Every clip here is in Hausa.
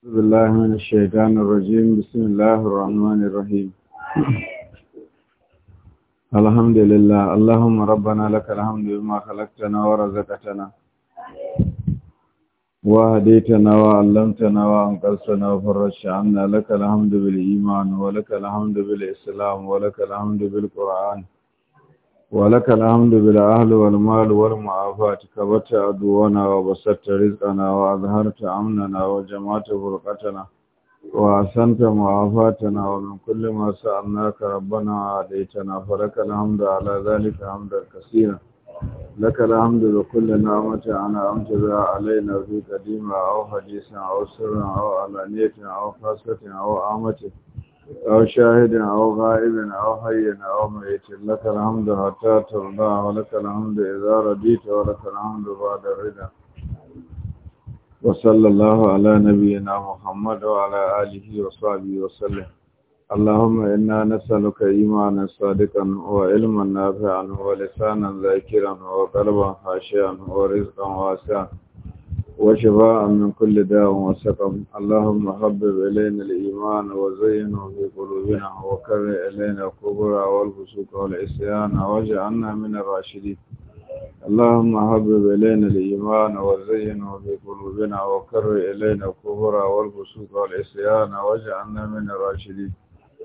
أعوذ بالله من الشيطان الرجيم بسم الله الرحمن الرحيم الحمد لله اللهم ربنا لك الحمد بما خلقتنا ورزقتنا وهديتنا وعلمتنا وانقلتنا وفرجت عنا لك الحمد بالإيمان ولك الحمد بالإسلام ولك الحمد بالقرآن ولك الحمد بالأهل والمال والمعافاة كبت أدوانا وبسطت رزقنا وأظهرت أمننا وجمعت فرقتنا وأحسنت معافاتنا ومن كل ما سألناك ربنا عاديتنا فلك الحمد على ذلك حمدا كثيرا لك الحمد لكل نعمة أنا أمت بها علينا في قديمة أو حديثا أو سرا أو علانية أو خاصة أو عامة أو شاهد أو غائب أو حي أو ميت لك الحمد حتى ترضى ولك الحمد إذا رضيت ولك الحمد بعد الرضا وصلى الله على نبينا محمد وعلى آله وصحبه وسلم اللهم إنا نسألك إيمانا صادقا وعلما نافعا ولسانا ذاكرا وقلبا خاشعا ورزقا واسعا وشفاء من كل داء وسقم اللهم حبب إلينا الإيمان وزينه في قلوبنا وكره إلينا الكبر والفسوق والعصيان واجعلنا من الراشدين اللهم حبب إلينا الإيمان وزينه في قلوبنا وكره إلينا الكبر والفسوق والعصيان واجعلنا من الراشدين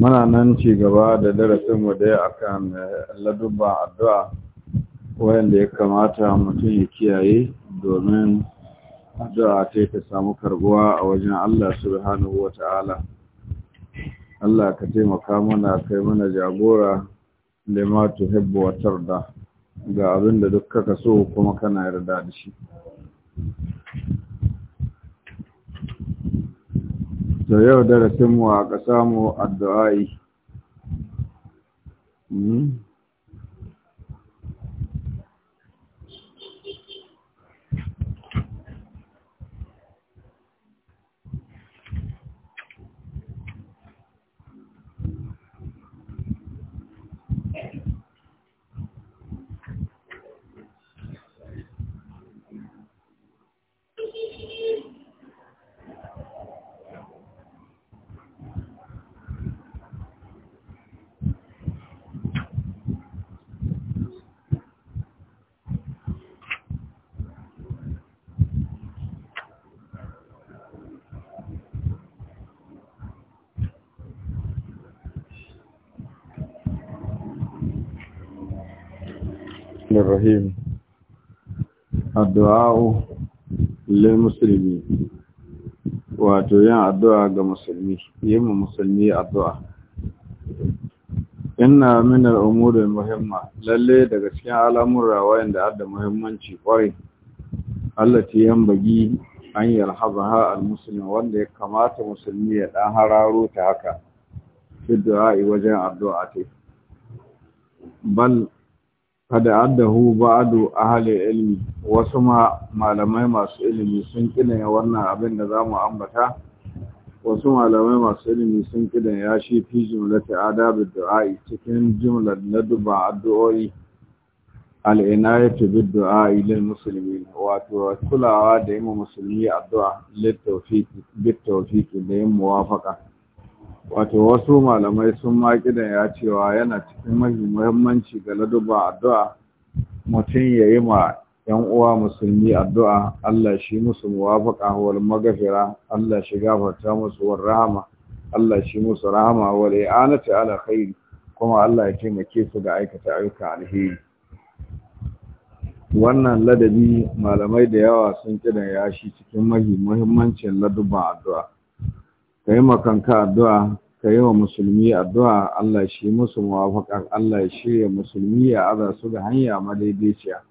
muna nan ci gaba da darasinmu dai akan eh, ladubban addu'a waɗanda ya kamata mutum ya kiyaye domin addu'a ta ta samu karbuwa a wajen Allah subhanahu wata'ala Allah ka taimaka mana kai mana jagora lima hibbu wa tarda ga abin da duk kaka so kuma kana yarda da shi da yau darasinmu a ƙasa mu addu'a'i hmm? الرحيم الدعاء للمسلمين wato yin addu'a ga musulmi yin mu musulmi addu'a inna المهمه al'umurin muhimma daga cikin al'amura da adda muhimmanci kwari Allah ce yan bagi an yi alhazaha al wanda ya kamata musulmi ya ɗan hararo ta haka fi du'a wajen addu'a ce bal kada addahu بعض اهل ilmi wasu ma malamai masu ilimi sun kidanya wannan abin da zamu ambata wasu malamai masu ilimi sun ya shi fi jumlati adabid du'a cikin jumlar duba addu'o'i al'inayatu bid du'a lil muslimin wato kulawa da yin musulmi addu'a lit tawfiq da yin muwafaqa wato wasu malamai sun makidan ya cewa yana cikin muhimmanci ga ladubba addu'a mutum ya yi ma ‘yan uwa musulmi addu'a Allah shi musu muwafaka wal magafira Allah shi gafarta musu wal rahama Allah shi musu rahama wal i'anati ala khairi kuma Allah ya taimake su ga aikata ayyuka alheri wannan ladabi malamai da yawa sun kidan ya shi cikin muhimmancin laduban addu'a ka yi makanka addu'a ka yi wa musulmi addu'a Allah shi musu mawafakar Allah shi ya shirya musulmi ya aza su ga hanya madaidaiciya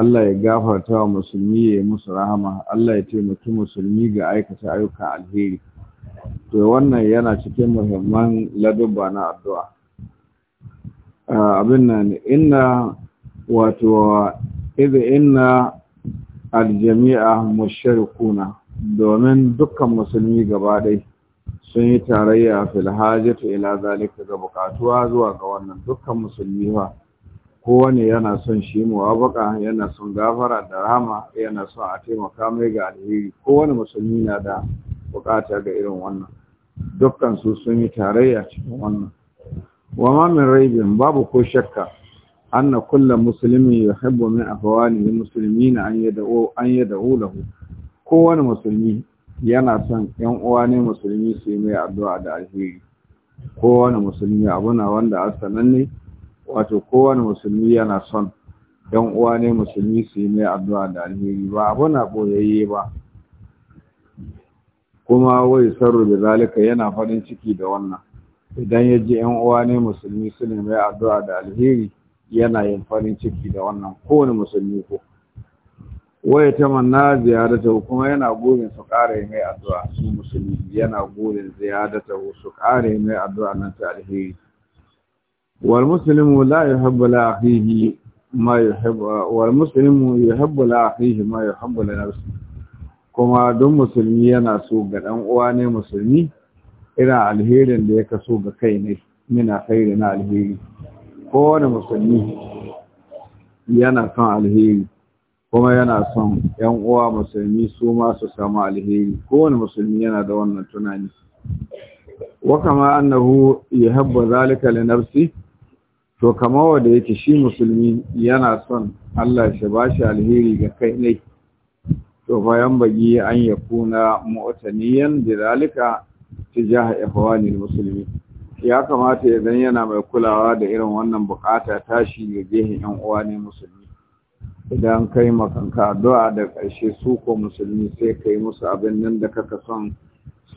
Allah ya gafarta wa musulmi ya yi musu rahama Allah ya taimaki musulmi ga aikata ayyukan alheri to wannan yana cikin muhimman ladubba na addu'a abin nan inna wato idza inna aljami'a musharikuna domin dukkan musulmi gaba ɗaya sun yi tarayya fil ta ila zalika ga bukatuwa zuwa ga wannan dukkan musulmi ba kowane yana son shi muwafaka yana son gafara da rama, yana son a taimaka mai ga alheri kowane musulmi na da bukata ga irin wannan dukkan su sun yi tarayya cikin wannan wa ma raibin babu ko shakka anna kullu ya yuhibbu min afwalihi muslimina an yad'u an lahu kowane musulmi yana son ‘yan uwa ne musulmi su yi mai addu'a da alheri kowane musulmi abuna wanda a sananne wato kowane musulmi yana son ‘yan uwa ne musulmi su yi mai addu'a da alheri ba abuna boyayye ba kuma wai sarru da zalika yana farin ciki da wannan idan ya ji ‘yan uwa ne musulmi su ne mai addu'a da alheri yana yin farin ciki da wannan kowane musulmi ko. waya ta manna ziyarata kuma yana gurin su kare mai addu'a su musulmi yana gurin ziyarata su kare mai addu'a nan ta alheri wal muslimu la yuhibbu la akhihi ma yuhibbu wal muslimu yuhibbu la akhihi ma yuhibbu la nafsi kuma don musulmi yana so ga dan uwa ne musulmi irin alherin da ya kaso ga kai ne mina khairi na alheri kowane musulmi yana son alheri kuma yana son ‘yan uwa musulmi su ma su samu alheri kowane musulmi yana da wannan tunani wa kama annahu habba zalika li nafsi to kama wanda yake shi musulmi yana son Allah shi bashi alheri ga kai ne to bayan bagi an ya kuna mu'taniyan bi zalika tijaha ihwani musulmi ya kamata idan yana mai kulawa da irin wannan bukata tashi ga gehen ‘yan uwa ne musulmi idan ka kai makanka addu'a da ƙarshe su ko musulmi sai ka yi musu abin nan da kaka son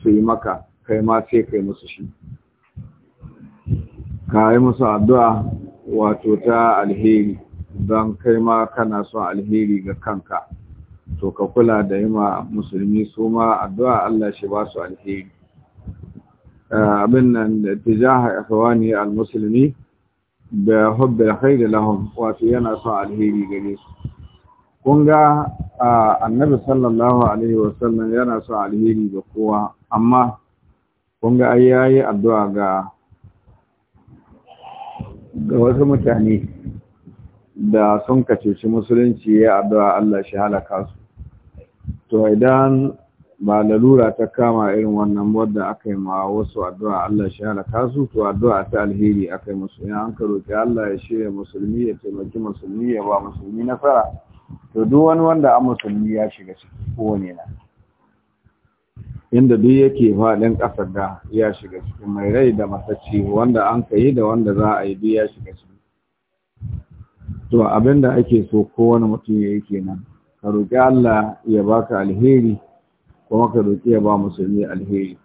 su yi maka kai ma sai ka yi musu shi ka yi musu addu'a wato ta alheri don kai ma kana son alheri ga kanka to ka kula da yi ma musulmi su ma addu'a Allah shi ba su alheri eh, abin nan da tijaha ikhwani al-musulmi da hubbil da lahum wato yana son alheri gare su kun ga annabi sallallahu alaihi wa sallam yana son alheri ga kowa amma kun ga ai yayi addu'a ga ga wasu mutane da sun kace shi musulunci ya addu'a Allah shi halaka su to idan ba lalura ta kama irin wannan wadda aka yi ma wasu addu'a Allah shi halaka su to addu'a ta alheri aka yi musu in an roƙi Allah ya shirya musulmi ya taimaki musulmi ya ba musulmi nasara to duk wani wanda an musulmi ya shiga ciki kowane na inda duk yake faɗin ƙasar da ya shiga ciki mai rai da matacci wanda an ka yi da wanda za a yi duk ya shiga ciki to abin da ake so kowane mutum ya yi kenan ka roƙi Allah ya baka alheri kuma ka roƙi ya ba musulmi alheri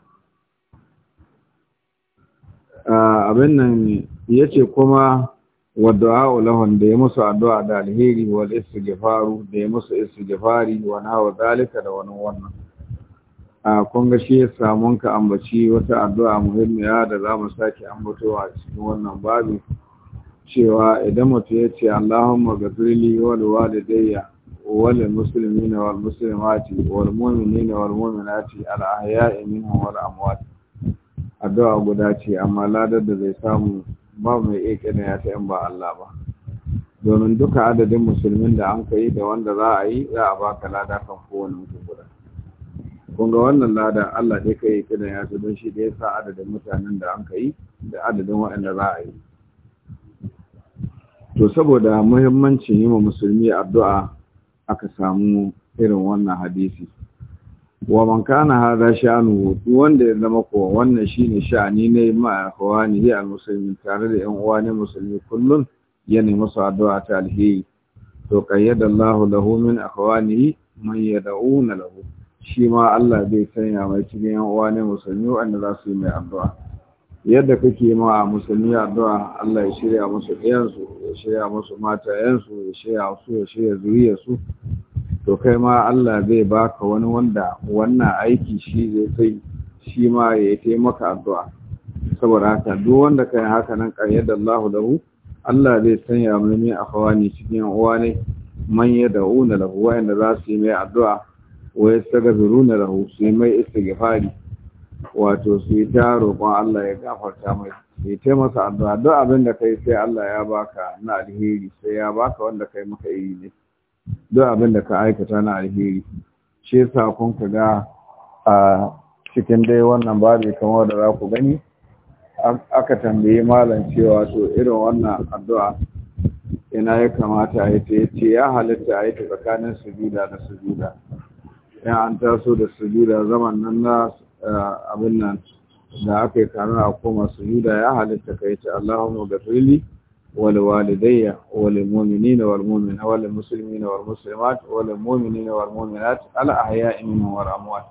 abin nan ya ce kuma wadda lahun da ya musu addu'a da alheri wal istighfaru da ya musu istighfari wa nawa zalika da wani wannan a kun ga shi samun ka ambaci wata addu'a muhimmiya da za mu sake ambatowa cikin wannan babu cewa idan mutum ya ce Allahumma gafirli wal walidayya na وللمسلمين والمسلمات والمؤمنين والمؤمنات الأحياء منهم والأموات addu'a guda ce amma ladar da zai samu ba mai iya kina ya ta ba Allah ba domin duka adadin musulmin da an kai da wanda za a yi za a baka lada kan kowane mutum guda kun wannan lada Allah dai kai kina ya ta don shi da sa adadin mutanen da an kai da adadin waɗanda za a yi to saboda muhimmancin yi wa musulmi addu'a aka samu irin wannan hadisi wa man kana hada sha'anu wanda ya zama ko wannan shine sha'ani ne ma akhwani ya musulmi tare da yan uwa ne musulmi kullun ya nemi su addu'a ta alheri to qayyada Allahu lahu min akhwani man yad'una lahu shi ma Allah zai sanya mai cikin yan uwa ne musulmi wanda za su yi mai addu'a yadda kake ma musulmi addu'a Allah ya shirya musu ɗiyansu ya shirya musu matayensu ya shirya su ya shirya zuriyarsu to kai ma Allah zai baka wani wanda wannan aiki shi zai kai shi ma ya taimaka addu'a saboda haka duk wanda kai haka nan kayyada Allahu lahu Allah zai sanya mai akhawani cikin uwa ne man yad'una lahu wa za su yi mai addu'a wa yastaghfiruna lahu sai mai istighfari wato su ta roƙon Allah ya gafarta mai su yi taimaka addu'a duk abin da kai sai Allah ya baka na alheri sai ya baka wanda kai maka yi ne duk abin da ka aikata na alheri shi yasa kun ka ga a cikin dai wannan babu kamar da za ku gani aka tambayi malam cewa to irin wannan addu'a ina ya kamata a yi ta yace ya halitta a yi ta tsakanin sujuda da sujuda in an taso da sujuda zaman nan na abin nan da aka yi kamin a koma su da ya halitta ka yi ce Allahumma gafirli wal walidayya wal mu'minina wal mu'mina wal muslimina wal muslimat wal mu'minina wal mu'minat ala ahya'i minhum yi amwat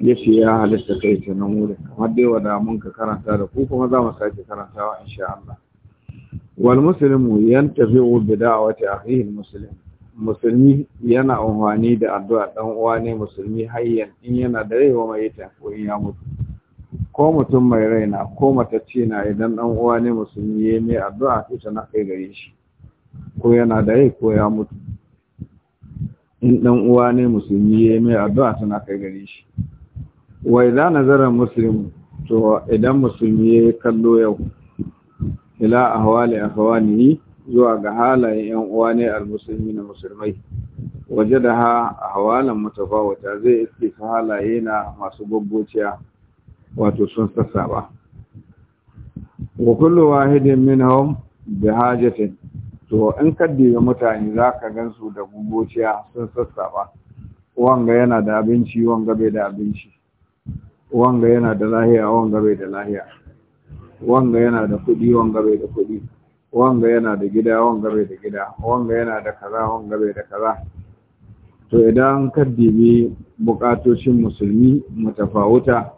yace ya halitta kai ce nan wurin kamar dai wanda mun ka karanta da ku kuma za mu sake karantawa insha Allah wal muslimu yantafi'u bi da'wati akhihi al muslim musulmi yana amfani da addu'a dan uwa ne musulmi hayyan in yana da rai mai yata ko in ya mutu ko mutum mai raina, ko matacce na idan dan uwa ne musulmi ya mai addu'a ita na kai gare shi ko yana da rai ko ya mutu in dan uwa ne musulmi ya mai addu'a tana kai gare shi wa idza nazara muslim to idan musulmi ya kallo yau ila ahwali akhwanihi zuwa ga halayen yan uwa ne musulmi na musulmai waje da ha a hawalan mutafawata zai iske su halaye na masu gwaggociya wato sun ba wa kullu wahidin minhum bi hajatin to in ka diga mutane zaka gansu da gbogbociya sun ba wanga yana da abinci wanga bai da abinci wanga yana da lahiya wanga bai da lahiya wanga yana da kuɗi wanga bai da kuɗi wanga yana da gida wanga bai da gida wanga yana da kaza wanga bai da kaza to idan ka dibi bukatocin musulmi mutafawuta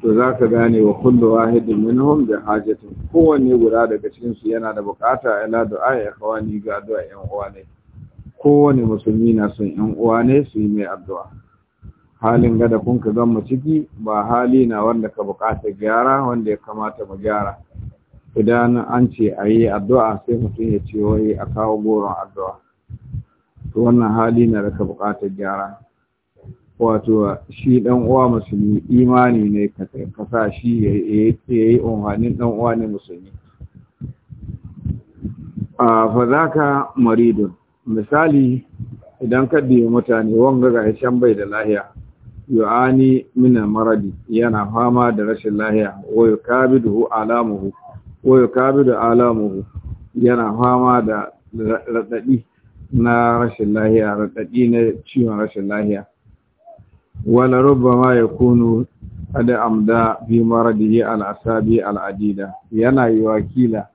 to za ka gane wa kullu wahidin minhum da hajatin kowanne guda daga cikin su yana da bukata ila du'a ya kawani ga addu'a yan uwa ne kowanne musulmi na son yan uwa ne su yi mai addu'a halin gada kun ka gan mu ciki ba hali na wanda ka bukata gyara wanda ya kamata mu gyara idan an ce a yi addu'a sai mutum ya ce wai a kawo goron addu'a to wannan hali na raka buƙatar gyara wato shi ɗan uwa musulmi imani ne ka sa shi ya yi umarnin ɗan uwa ne musulmi a fazaka maridun misali idan ka biyu mutane wanga ga can bai da lahiya yu'ani min maradi yana fama da rashin lahiya wa yukabiduhu alamuhu Wai da alamu yana fama da raɗaɗi na rashin lahiya raɗaɗi na ciwon rashin lahiya wala ya kunu ada amda bi maradihi al-asabi al-adida yana yi wakila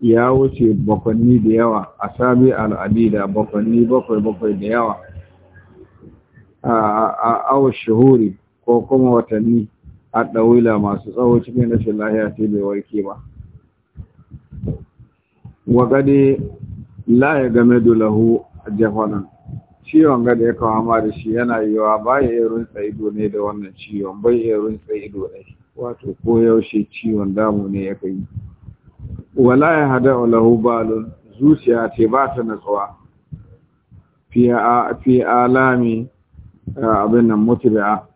ya wuce bakwanni da yawa asabi al-adida bakwanni bakwai bakwai da yawa a awa shuhuri ko kuma watanni a ɗawila masu tsawo cikin rashin lahiya sai bai warke ba wa gade la ya game da lahu ciwon gada ya kawo ma da shi yana yiwa ba ya iya rinsa ido ne da wannan ciwon bai iya ido ne wato ko yaushe ciwon damu ne ya kai wala ya hada lahu balun zuciya ce ba ta natsuwa fi alami abin nan mutubi'a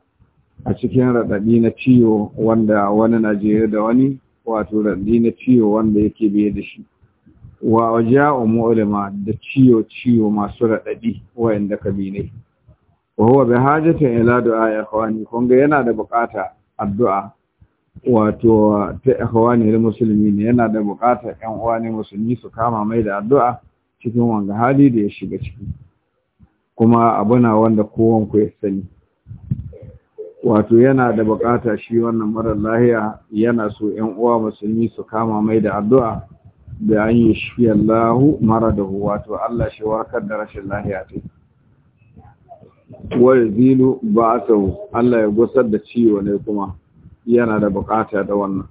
a cikin raɗaɗi na ciwo wanda wani na da wani wato raɗaɗi na ciwo wanda yake biye da shi wa mu'lima da ciyo ciyo masu radadi wayanda kabinai wa huwa bi hajati ila du'a ikhwani kun ga yana da bukata addu'a wato ta ikhwani da musulmi ne yana da bukata ƴan uwa ne musulmi su kama mai da addu'a cikin wanga hali da ya shiga ciki kuma abuna wanda kowan ku ya sani wato yana da bukata shi wannan marar lahiya yana so ƴan uwa musulmi su kama mai da addu'a da an yi shi Allahu mara da wato Allah shi warkar da rashin lahiya ce. Wai zilu ba Allah ya gusar da ciwo ne kuma yana da bukata da wannan.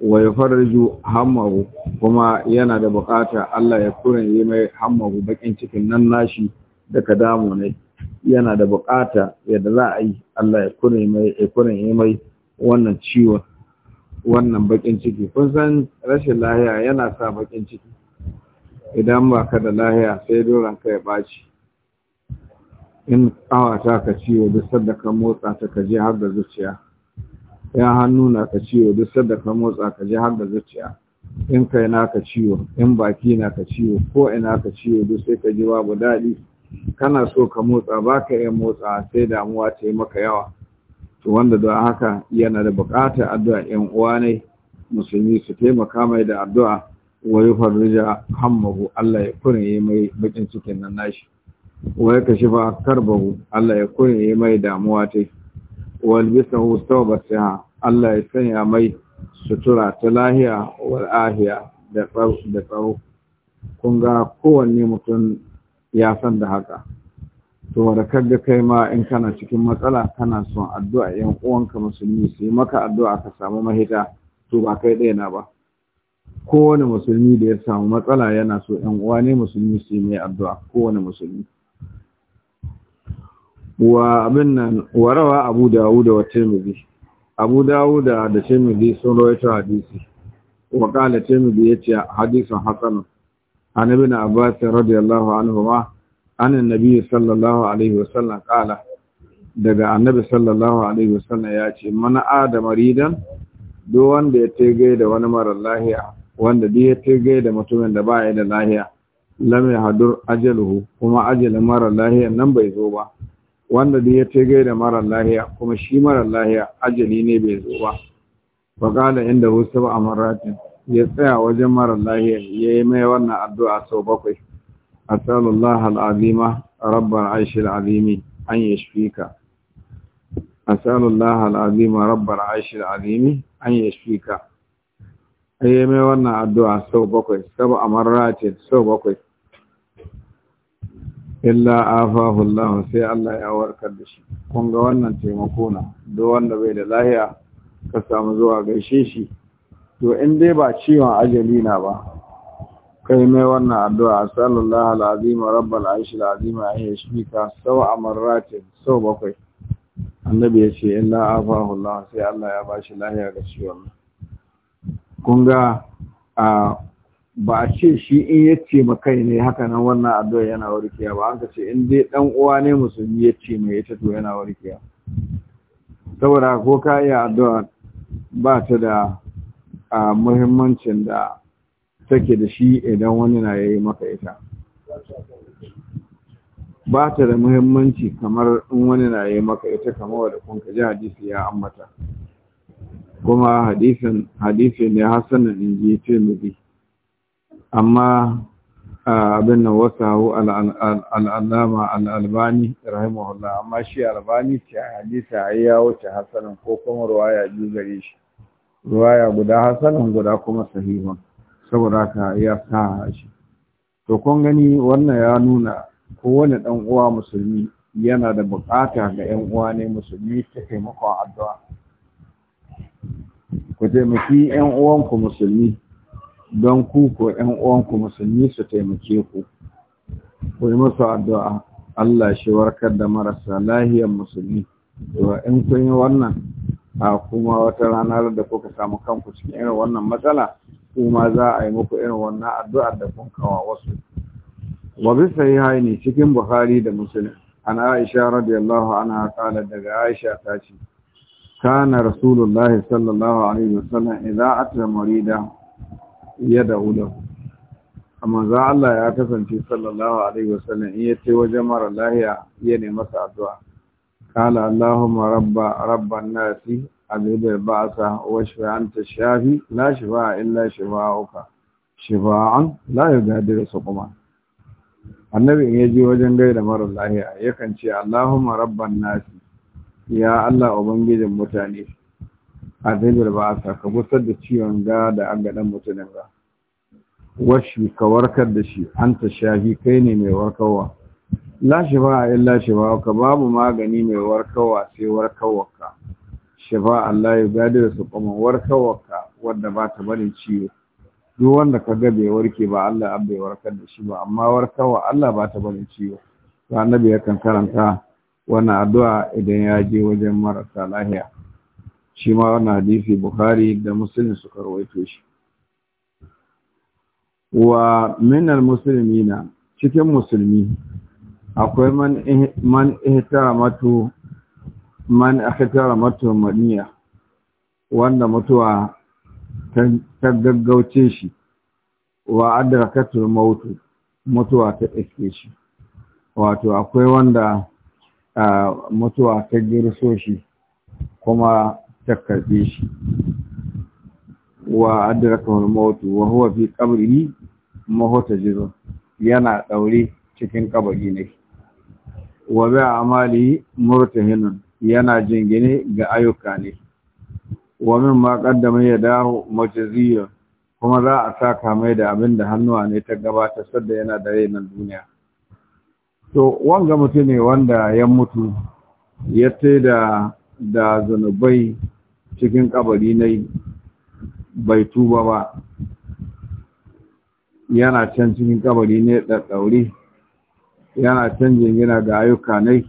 Wai farju hammahu kuma yana da bukata Allah ya kuren yi mai hammahu bakin cikin nan nashi da ka damu ne. Yana da bukata yadda za a yi Allah ya kuren yi mai wannan ciwon. wannan bakin ciki kun san rashin lahiya yana sa bakin ciki idan ba ka da lahiya sai doron ka ya ɓaci in ta ka ciwo duk sadda ka motsa ta ka je har da zuciya ya hannu na ka ciwo duk sadda ka motsa ka je har da zuciya in kai na ka ciwo in baki na ka ciwo ko ina ka ciwo duk sai ka ji babu daɗi kana so ka motsa ba ka iya motsa sai damuwa ta yi maka yawa to wanda da haka yana da buƙatar addu'a 'yan uwa ne musulmi su taimaka mai da addu'a wa yufarrija hammahu Allah ya yi mai bakin cikin nan nashi wa yakashifa karbahu Allah ya yi mai damuwa ta wal wa ta ha Allah ya sanya mai sutura ta lahiya wal ahiya da tsaro kunga kowanne mutum ya san da haka to da kaga kai ma in kana cikin matsala kana son addu'a yan uwanka musulmi su yi maka addu'a ka samu mahita to ba kai ɗaya na ba kowane musulmi da ya samu matsala yana so yan uwa ne musulmi su yi mai addu'a kowane musulmi wa abin nan warawa abu dawuda wa tirmidhi abu dawuda da tirmidhi sun rawaito hadisi wa qala tirmidhi yace hadisin hasan an na abbas radiyallahu anhu ma An annabi sallallahu alaihi wasallam kala daga annabi sallallahu alaihi wasallam ya ce mana adama ridan duk wanda ya tege da wani marar lahiya wanda duk ya tege da mutumin da ba ya da lahiya lam ya hadur ajaluhu kuma ajalin marar lahiya nan bai zo ba wanda duk ya tege da marar lahiya kuma shi marar lahiya ajali ne bai zo ba faƙala inda wasu ba a maratin ya tsaya wajen marar lahiya ya yi mai wannan addu'a sau bakwai أسأل الله العظيم رب العيش العظيم أن يشفيك أسأل الله العظيم رب العيش العظيم أن يشفيك أي ما ورنا الدعاء سو بكوي سبع مرات سو بكوي إلا آفاه الله سي الله يأورك الدشي kun ga wannan taimako na duk wanda bai da lahiya ka samu zuwa gaishe shi to in dai ba ciwon ajali na ba kai mai wannan addu'a sallallahu alazim rabbal arshil azim ya yi ka sau a maratin sau bakwai annabi ya ce illa afa Allah sai Allah ya ba shi lahiya ga ciwon kun ga a ba a ce shi in ya ce ma kai ne hakanan wannan addu'a yana warkewa ba an ka ce in dai ɗan uwa ne musulmi ya ce mai ita to yana warkewa saboda ko ka iya addu'a ba ta da muhimmancin da take da shi idan wani na yayi maka ita ba ta da muhimmanci kamar in wani na yayi maka ita kamar wadda kun ka ji hadisi ya ambata kuma hadisin hadisi ne ji inji tirmidhi amma abin nan hu al'allama al'albani rahimahullah amma shi albani ce hadisa ya wuce hasanin ko kuma ruwaya biyu gare shi ruwaya guda hasanin guda kuma sahihun saboda haka ya sa shi to kun gani wannan ya nuna kowane ɗan uwa musulmi yana da bukata ga ƴan uwa ne musulmi ta taimakon addu'a ku taimaki ƴan uwanku musulmi don ku ko ƴan uwanku musulmi su taimake ku ku yi musu addu'a Allah shi warkar da marasa lahiyar musulmi to in kun yi wannan a kuma wata ranar da kuka samu kanku cikin irin wannan matsala kuma za a yi muku irin wannan addu'ar da kun kawa wasu wa bi sahihaini cikin bukhari da muslim an aisha radiyallahu anha kala daga aisha ta ce kana rasulullahi sallallahu alaihi wasallam idza ata marida da hudu. amma za Allah ya kasance sallallahu alaihi wasallam in yace wajen mara lahiya ya ne masa addu'a kala allahumma rabba rabban nasi ba'asa, أبيد البعث واشفع أنت الشافي لا شفاء إلا شفاءك شفاء لا يغادر سقما annabi in ji wajen gaida marar lahiya yakan ce Allahumma rabban nasi ya Allah ubangijin mutane azabil ba'asa ka gusar da ciwon ga da agadan mutumin ga washi ka warkar da shi an ta shafi kai ne mai warkarwa la shifa illa shifa ka babu magani mai warkarwa sai warkarwa ka shifa Allah ya gadi da su kuma warkarwarka wadda ba ta barin ciwo duk wanda ka ga bai warke ba Allah an bai warkar da shi ba amma warkarwa Allah ba ta barin ciwo to annabi kan karanta wannan addu'a idan ya je wajen marasa lahiya shi ma wannan hadisi Bukhari da Muslim suka rawaito shi wa Musulmi na, cikin musulmi akwai man ihtaramatu man akhtara matu maniya wanda mutuwa ta gaggauce shi wa adrakatul mautu mutuwa ta iske shi wato akwai wanda mutuwa ta girso shi kuma ta karbe shi wa adrakatul mautu wa huwa fi qabrihi mahotajizun yana daure cikin kabari ne wa bi amali murtahinun yana jingine ga ayyuka ne wa min ma qaddama yadahu mujziya kuma za a saka mai da abin da hannuwa ne ta gabata sadda yana da rai nan duniya to wanga mutum ne wanda ya mutu ya taida da zanubai cikin kabari ne bai tuba ba yana can cikin kabari ne da tsauri. yana can jingina ga ayyuka ne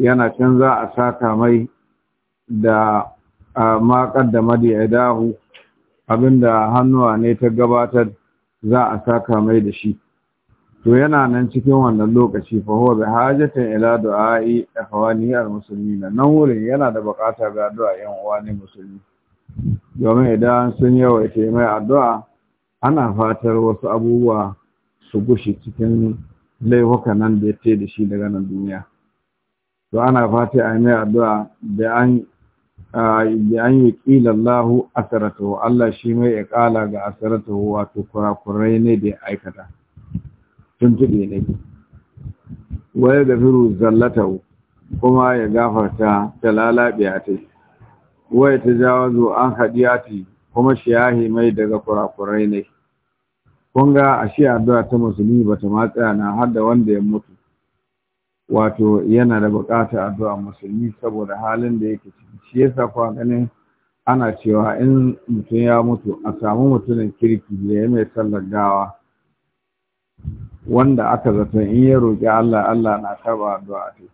yana can za a saka mai da ma kaddama da abinda hannuwa ne ta gabatar za a saka mai da shi to yana nan cikin wannan lokaci fa huwa bi hajatin ila du'a'i ikhwani al muslimin nan wurin yana da bukata ga addu'a yan uwa ne musulmi domin idan sun yawaita mai addu'a ana fatar wasu abubuwa su gushi cikin laifukan nan da ya da shi daga nan duniya to ana fata a mai addu'a da an da an yi ƙilallahu asaratahu Allah shi mai ya ga asaratahu wato kurakurai ne da ya aikata tuntuɓe ne waya da firu zallatahu kuma ya gafarta ta lalaɓiya ta waya ta jawazo an hadiyati kuma shiyahi mai daga kurakurai ne kun a shi addu'a ta musulmi bata matsaya na har da wanda ya mutu wato yana da bukata addu'a musulmi saboda halin da yake ciki shi yasa kuwa ganin ana cewa in mutum ya mutu a samu mutumin kirki da ya mai sallar gawa wanda aka zaton in ya roƙi Allah Allah na karba addu'a ta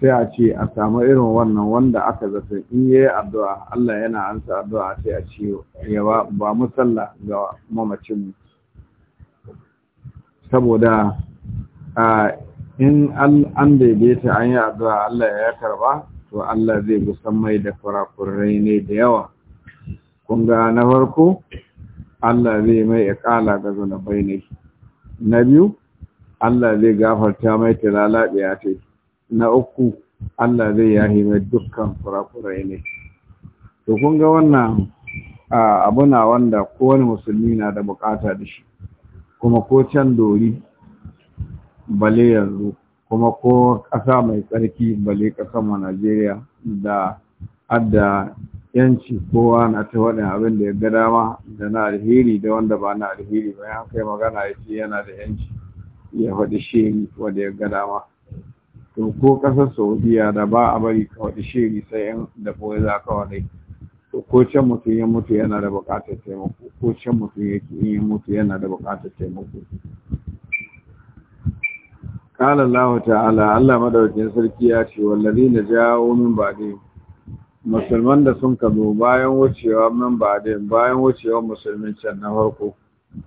sai a ce a samu irin wannan wanda aka zaton in ya yi addu'a Allah yana ansa addu'a sai a ce ya ba mu sallah ga mamacin saboda in an daidaita an yi addu'a Allah ya karba to Allah zai gusan mai da kurakurai ne da yawa Kunga na farko Allah zai mai ikala ga bai ne na biyu Allah zai gafarta mai tilala ya ce na uku Allah zai yahi mai dukkan kurakurai ne to kun ga wannan abuna wanda kowane musulmi na da bukata da shi kuma ko can dori bale yanzu kuma ko ƙasa mai tsarki bale ƙasar mu Najeriya da adda yanci kowa na ta waɗin abin da ya ga dama da na alheri da wanda ba na alheri ba ya kai magana ya ce yana da yanci ya faɗi shiri wanda ya ga dama to ko ƙasar saudiya da ba a bari ka faɗi shiri sai yan da koya za ka waɗai to ko can mutum ya mutu yana da buƙatar taimako ko can mutum yaki in ya mutu yana da buƙatar taimako قال الله تعالى الله madaukin sarki ya ce wallazi na min musulman da sun kazo bayan wucewa min ba'di bayan wucewa musulmin can na farko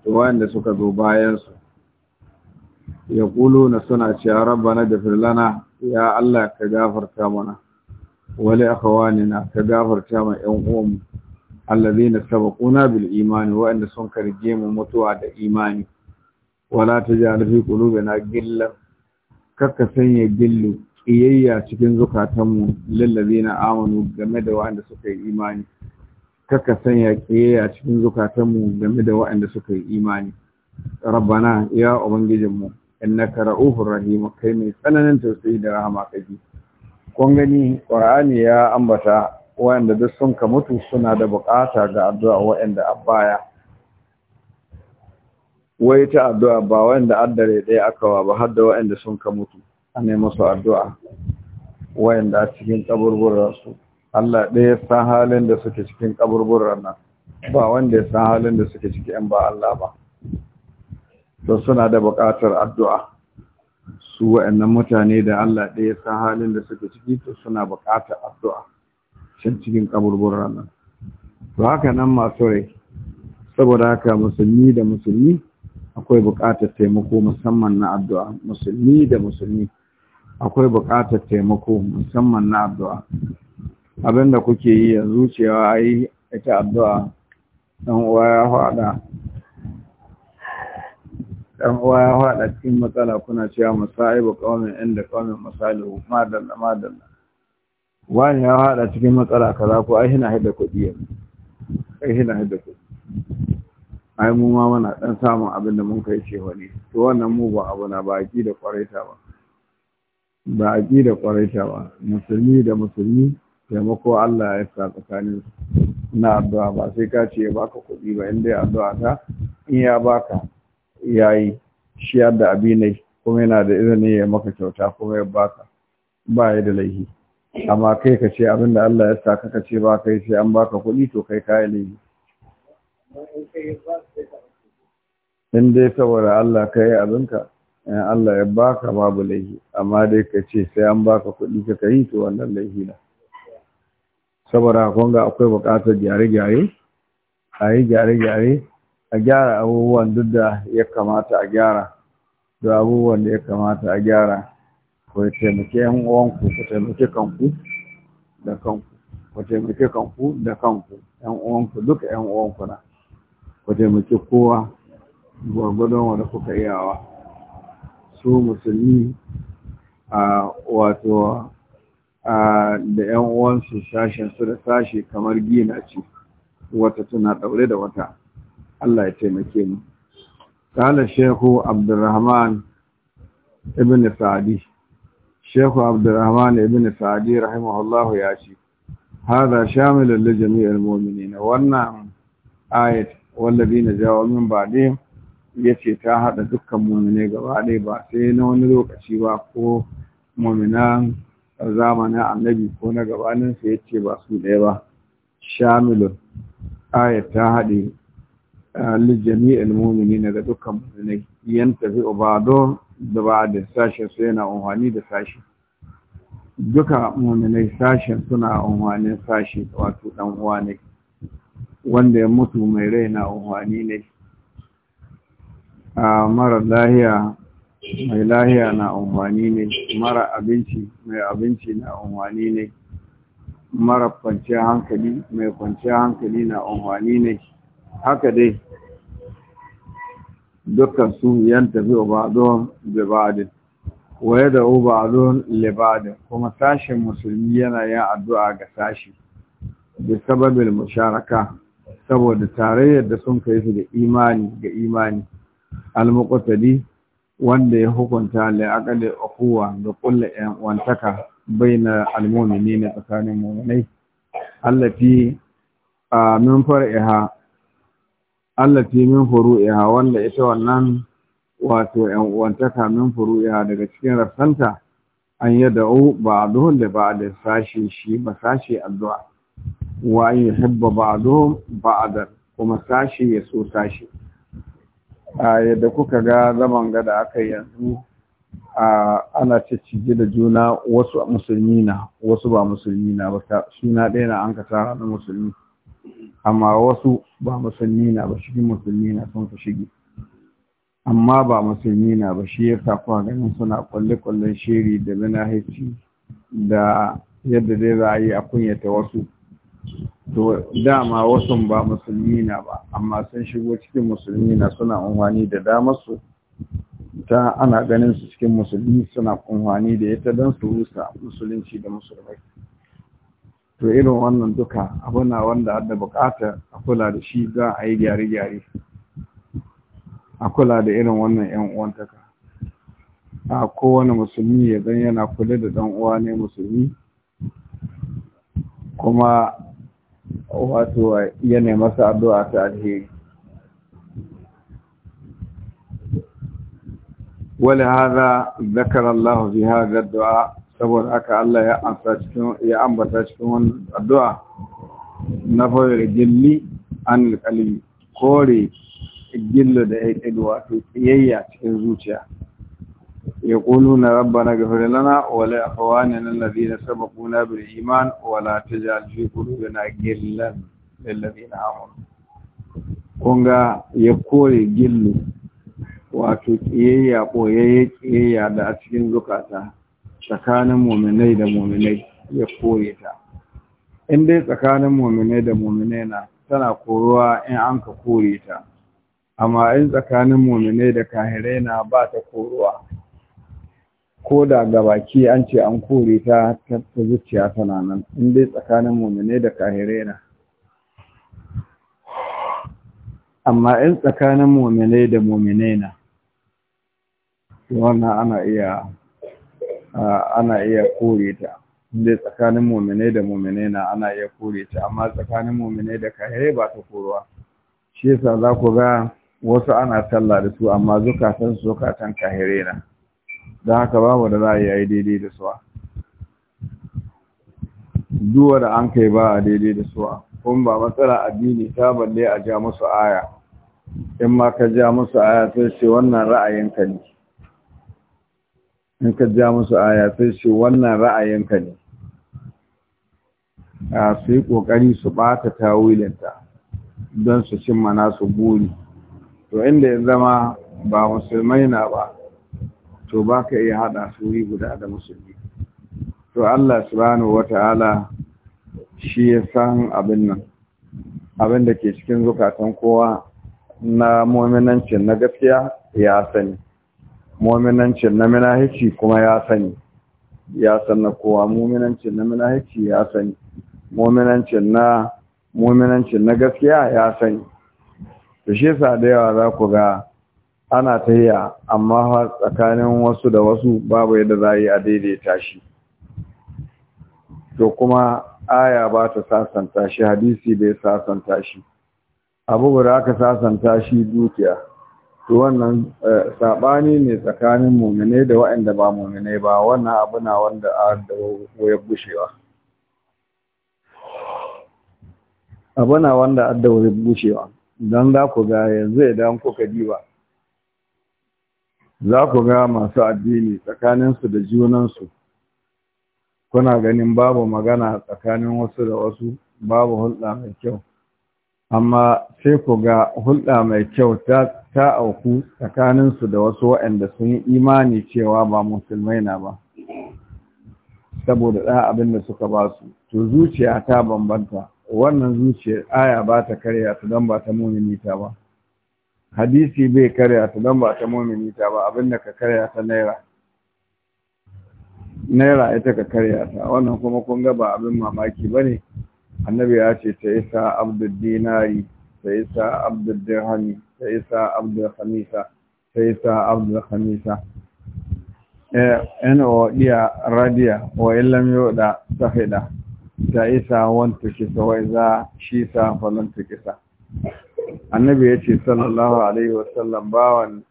to wanda suka zo bayan su na suna cewa na ghfir lana ya Allah ka gafarta mana wali na, ka gafarta ma ƴan uwanmu allazina sabaquna bil imani wa'anda sun karge mu mutuwa da imani wala tajal kulu qulubina gillan kakka sanya gillu ƙiyayya cikin zukatanmu lallabi na amanu game da waɗanda suka yi imani kakka sanya ƙiyayya cikin zukatanmu game da waɗanda suka yi imani rabbana ya ubangijinmu innaka ra'ufur rahim kai mai tsananin tausayi da rahama kaji kun gani qur'ani ya ambata waɗanda duk sun ka mutu suna da buƙata ga addu'a waɗanda a baya wai ta addu'a ba wanda addare ɗaya aka wa ba har da waɗanda sun ka mutu a nemi su addu'a wa'anda a cikin kaburburan su Allah ɗaya san halin da suke cikin kaburburan nan ba wanda ya san halin da suke ciki in ba Allah ba to suna da buƙatar addu'a su wa'annan mutane da Allah ɗaya san halin da suke ciki to suna buƙatar addu'a can cikin kaburburan nan to haka nan masu rai saboda haka musulmi da musulmi akwai buƙatar taimako musamman na addu'a musulmi da musulmi akwai buƙatar taimako musamman na addu'a Abin da kuke yi yanzu cewa ai ita addu'a ɗan uwa ya faɗa ɗan uwa ya faɗa cikin matsala kuna cewa masa'ibu ƙaunin inda qaumin masalihu madalla madalla wani ya faɗa cikin matsala kaza ko ai hina hidda kuɗi ai hina haɗa kuɗi ai mu ma muna dan samun abin da mun kai ce wani to wannan mu ba abu na aki da kwaraita ba ba aki da kwaraita ba musulmi da musulmi taimako Allah ya sa tsakanin na addu'a ba sai ka ce ya baka kuɗi ba in dai addu'a ta in ya baka ya yi shi da ne. kuma yana da izini ya maka kyauta kuma ya baka ba ya da laifi. amma kai ka ce abin da Allah ya sa kaka ce ba kai sai an baka kuɗi to kai yi laifi. in dai saboda Allah ka yi abinka in Allah ya baka babu laifi. amma dai ka ce sai an baka kuɗi ka ka yi to wannan laifi na saboda kun ga akwai buƙatar gyare-gyare a yi gyare-gyare a gyara abubuwan duk da ya kamata a gyara da abubuwan da ya kamata a gyara ku taimake yan uwanku ku taimake kanku da kanku ku taimake kanku da kanku yan uwanku duka yan uwanku na ku taimaki kowa gwargwadon wanda kuka iyawa su musulmi a wato da yan uwansu sashen su da sashe kamar gina ce wata tana daure da wata Allah ya taimake mu kala shehu abdurrahman ibn sa'di shehu abdurrahman ibn sa'di rahimahullahu ya ce hada shamilun li jami'il mu'minina wannan ayat wallabi na jawo min ba ne ya ce ta haɗa dukkan mummune gaba ba sai na wani lokaci ba ko mummunan zamanin annabi ko na gabaninsa ya ce ba su ɗaya ba Shamilu ayat ta haɗe lijami'il mumini na ga dukkan mummune yan tafi obado da ba da sashen su yana amfani da sashi duka mummunai sashen suna unwanin sashi wato dan uwa ne wanda ya mutu mai rai na umarni ne a mara lahiya mai lahiya na umarni ne mara abinci mai abinci na umarni ne mara kwanciyar hankali mai kwanciyar hankali na umarni ne haka dai dukkan su yan tafi ba don bibadin waye da uba don libadin kuma sashen musulmi yana yin addu'a ga sashi da sababin musharaka saboda tarayyar da sun kai su da imani ga imani al wanda ya hukunta la aqali uquwa da kullu yan wantaka baina al na tsakanin mu'minai allati min far'iha allati min furu'iha wanda ita wannan wato yan wantaka min furu'iha daga cikin rafanta an yada'u ba li ba'd sashi shi ba sashi addu'a wa an yuhibba ba'dhum ba'dan kuma sashi ya so sashi a yadda kuka ga zaman ga da aka yanzu a ana cije da juna wasu musulmi na wasu ba musulmi na ba suna ɗaya na an ka tara na musulmi amma wasu ba musulmi na ba shi, musulmi na sun fi shige amma ba musulmi na ba shi ya kuma ganin suna kwalle-kwallen shiri da binahici da yadda dai za a yi a kunyata wasu to dama wasu ba musulmi na ba amma sun shigo cikin musulmi na suna unwani da damar su ta ana ganin su cikin musulmi suna unwani da ita don su rusa musulunci da musulmai to irin wannan duka abuna wanda da bukatar a kula da shi za a yi gyare-gyare a kula da irin wannan 'yan uwantaka a kowane musulmi ya zan yana kula da dan uwa ne musulmi kuma wato yana masa addu'a ta alheri wala hada dhakara Allah fi hada addu'a saboda aka Allah ya amsa cikin ya ambata cikin wannan addu'a na fayar gilli an kalbi kore gillo da ya wato tsiyayya cikin zuciya يقولون ربنا اغفر لنا ولإخواننا الذين سبقونا بالإيمان ولا تجعل في قلوبنا غلا للذين آمنوا kunga ya kore gillu wato kiyayya koyayye kiyayya da a cikin zukata tsakanin muminai da muminai ya kore ta in dai tsakanin muminai da muminai na tana koruwa in an ka kore ta amma in tsakanin muminai da kahirai na ba ta koruwa ko da ga baki an ce an kore ta ta zuciya tana nan in dai tsakanin mummune da kahirai na amma in tsakanin mummune da muminai na wannan ana iya ana iya kore ta inda tsakanin mummune da muminai na ana iya kore ta amma tsakanin mummune da kahire ba ta korowa, shi yasa za ku ga wasu ana sallah da su amma zukatan zukatan kahirai na da haka babu da za a yi daidai da suwa duwa da an kai ba a daidai da suwa kun ba matsala addini ta balle a ja musu aya in ma ka ja musu aya sai ce wannan ra'ayinka ne in ka ja musu aya sai shi wannan ka ne a su yi ƙoƙari su ɓata tawilinta don su cimma nasu buri to inda ya zama ba musulmai na ba to ba ka iya haɗa su wuri guda da musulmi to Allah subhanahu ta'ala shi ya san abin nan abin da ke cikin zukatan kowa na mominancin na gaskiya ya sani mominancin na minahici kuma ya sani ya san na kowa mominancin na minahici ya sani mominancin na mominancin na gaskiya ya sani to shi yasa da yawa za ku ga ana ta yi amma tsakanin wasu da wasu babu yadda za a daidaita shi to kuma aya ba ta sasanta shi hadisi bai sasanta shi abu guda ka sasanta shi dukiya to wannan eh, sabani ne tsakanin mumine da waɗanda ba mumine ba wannan abu na wanda a da ya bushewa abu na wanda a da ya bushewa don za ku ga yanzu idan kuka diba za ku ga masu addini tsakaninsu da junansu kuna ganin babu magana tsakanin wasu da wasu babu hulɗa mai kyau amma sai ku ga hulɗa mai kyau ta ta auku tsakaninsu da wasu waɗanda sun yi imani cewa ba musulmai na ba saboda ɗan abin da suka ba su to zuciya ta bambanta wannan zuciyar aya ba ta karya su don ba ta muni ta ba hadisi bai karya ta don ba ta momini ta ba abinda ka karya ta naira naira ita ka karya ta wannan kuma kun ga ba abin mamaki ba ne annabi ya ce ta isa abdul dinari ta isa abdul dirhami ta isa abdul khamisa ta isa abdul khamisa eh, yana wa iya radiya wa yau da ta hida ta isa wanta kisa wai za shi sa falon ta kisa annabi ya ce sallallahu alaihi wasallam bawan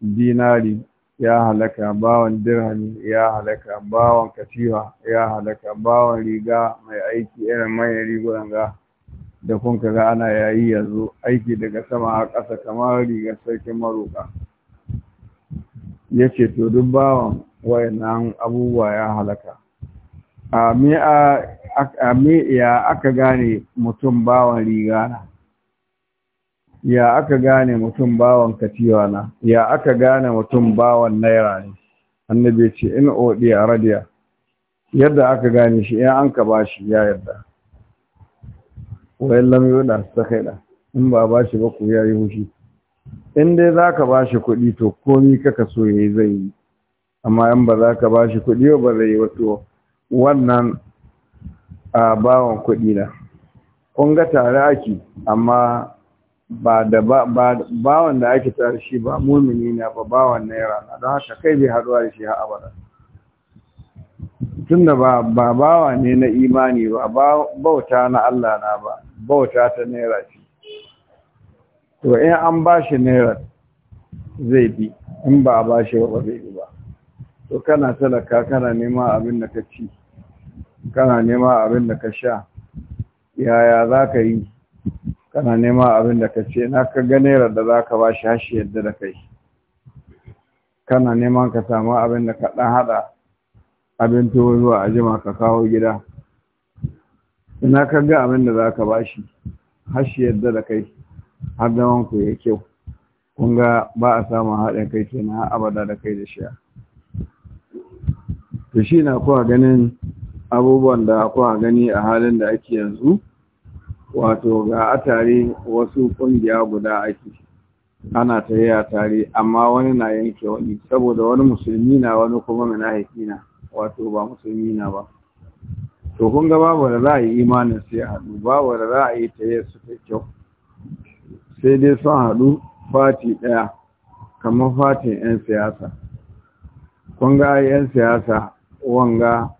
dinari ya halaka bawan dirhami ya halaka bawan katiwa ya halaka bawan riga mai aiki irin manyan rigunan ga da kun ga ana yayi yanzu aiki daga sama a ƙasa kamar rigar sarkin maroka ya ce to duk bawan wayannan abubuwa ya halaka a me ya aka gane mutum bawan riga na ya aka gane mutum bawan katiwa na ya aka gane mutum bawan naira ne annabi ce in odi radiya yadda aka gane shi in an ka bashi ya yarda wayan lam yuda sakaida in ba bashi ba ku yayi hushi in dai zaka bashi kuɗi to komi kaka so yayi zai yi amma in ba zaka bashi kuɗi ba zai yi wato wannan a bawan kuɗi na kun ga tare ake amma ba da bawan da ake tsar shi ba mumini ne ba bawan naira na don haka kai bai haduwa da shi har abada tunda ba ba bawa ne na imani ba bauta na Allah na ba bauta ta naira ce to in an ba shi naira zai bi in ba a ba shi ba zai bi ba to kana talaka kana nema abin da ka ci kana nema abin da ka sha yaya za ka yi kana nema abin da ka ce na ka ga naira da za ka ba shi hashi yadda da kai kana neman ka samu abin da ka ɗan haɗa abin tuwo zuwa a jima ka kawo gida ina ka ga abin da za ka ba shi hashi yadda da kai har da wanku ya kyau kun ga ba a samun haɗin kai kenan abada da kai da shiya to shi na kuwa ganin abubuwan da kuwa gani a halin da ake yanzu wato ga a tare wasu ƙungiya guda ake ana tarayya tare amma wani na yanke wani saboda wani musulmi na wani kuma munafiki na wato ba musulmi na ba to kun ga babu da za a yi imanin sai haɗu babu da za a yi ta yi su ta kyau sai dai sun haɗu fati ɗaya kamar fatin 'yan siyasa kun ga 'yan siyasa wanga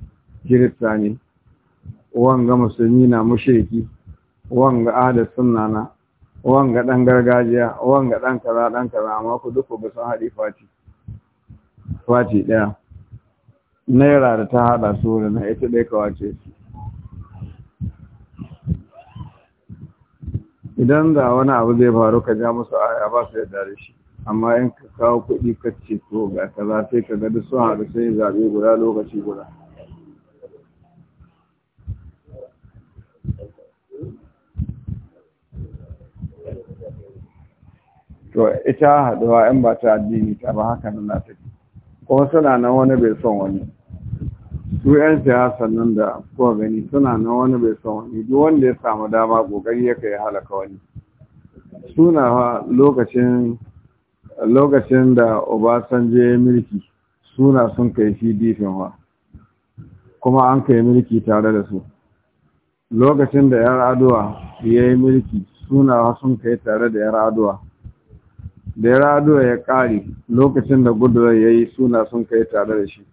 kirista ne wanga musulmi na mushriki wanga ahli sunna na wanga dan gargajiya wanga dan kaza dan kaza amma ku duk ba san haɗi fati fati ɗaya naira da ta hada su da na ita dai ka wace. idan da wani abu zai faru ka ja musu aya ba su yarda da shi amma in ka kawo kuɗi ka ce to ga kaza sai ka ga duk sun haɗu sai zaɓe guda lokaci guda to ita haɗuwa in ba ta addini ta ba haka nan ta ke ko suna nan wani bai son wani su yan siyasa nan da kuma gani suna nan wani bai son wani duk wanda ya samu dama kokari ya kai halaka wani suna lokacin lokacin da obasanjo ya mulki suna sun kai shi difin wa kuma an kai mulki tare da su lokacin da yar aduwa ya yi mulki suna sun kai tare da yar aduwa da ya rado ya ƙare lokacin da gudura ya yi suna sun kai tare da shi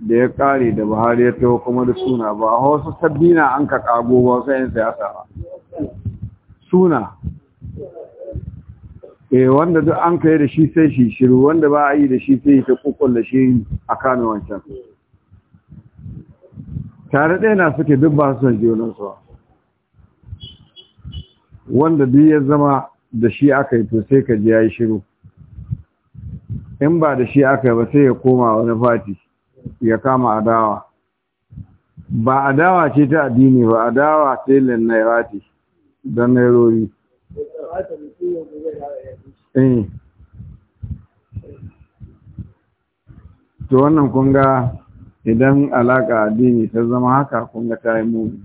da ya ƙare da buhari ya taho kuma da suna ba a wasu sabbina na an ka ƙago ba wasu yan siyasa ba suna e wanda duk an kai da shi sai shi shiru wanda ba a yi da shi sai ta kukul da shi a kame wancan tare ɗaya na suke duk ba su son junansu wanda duk ya zama da shi aka yi to sai ka ji ya yi shiru in ba da shi aka yi ba sai ya koma wani fati ya kama adawa ba adawa ce ta addini ba adawa sai ce lannairati don nairori eh. to wannan kunga idan alaka addini ta zama haka kunga ta yi muni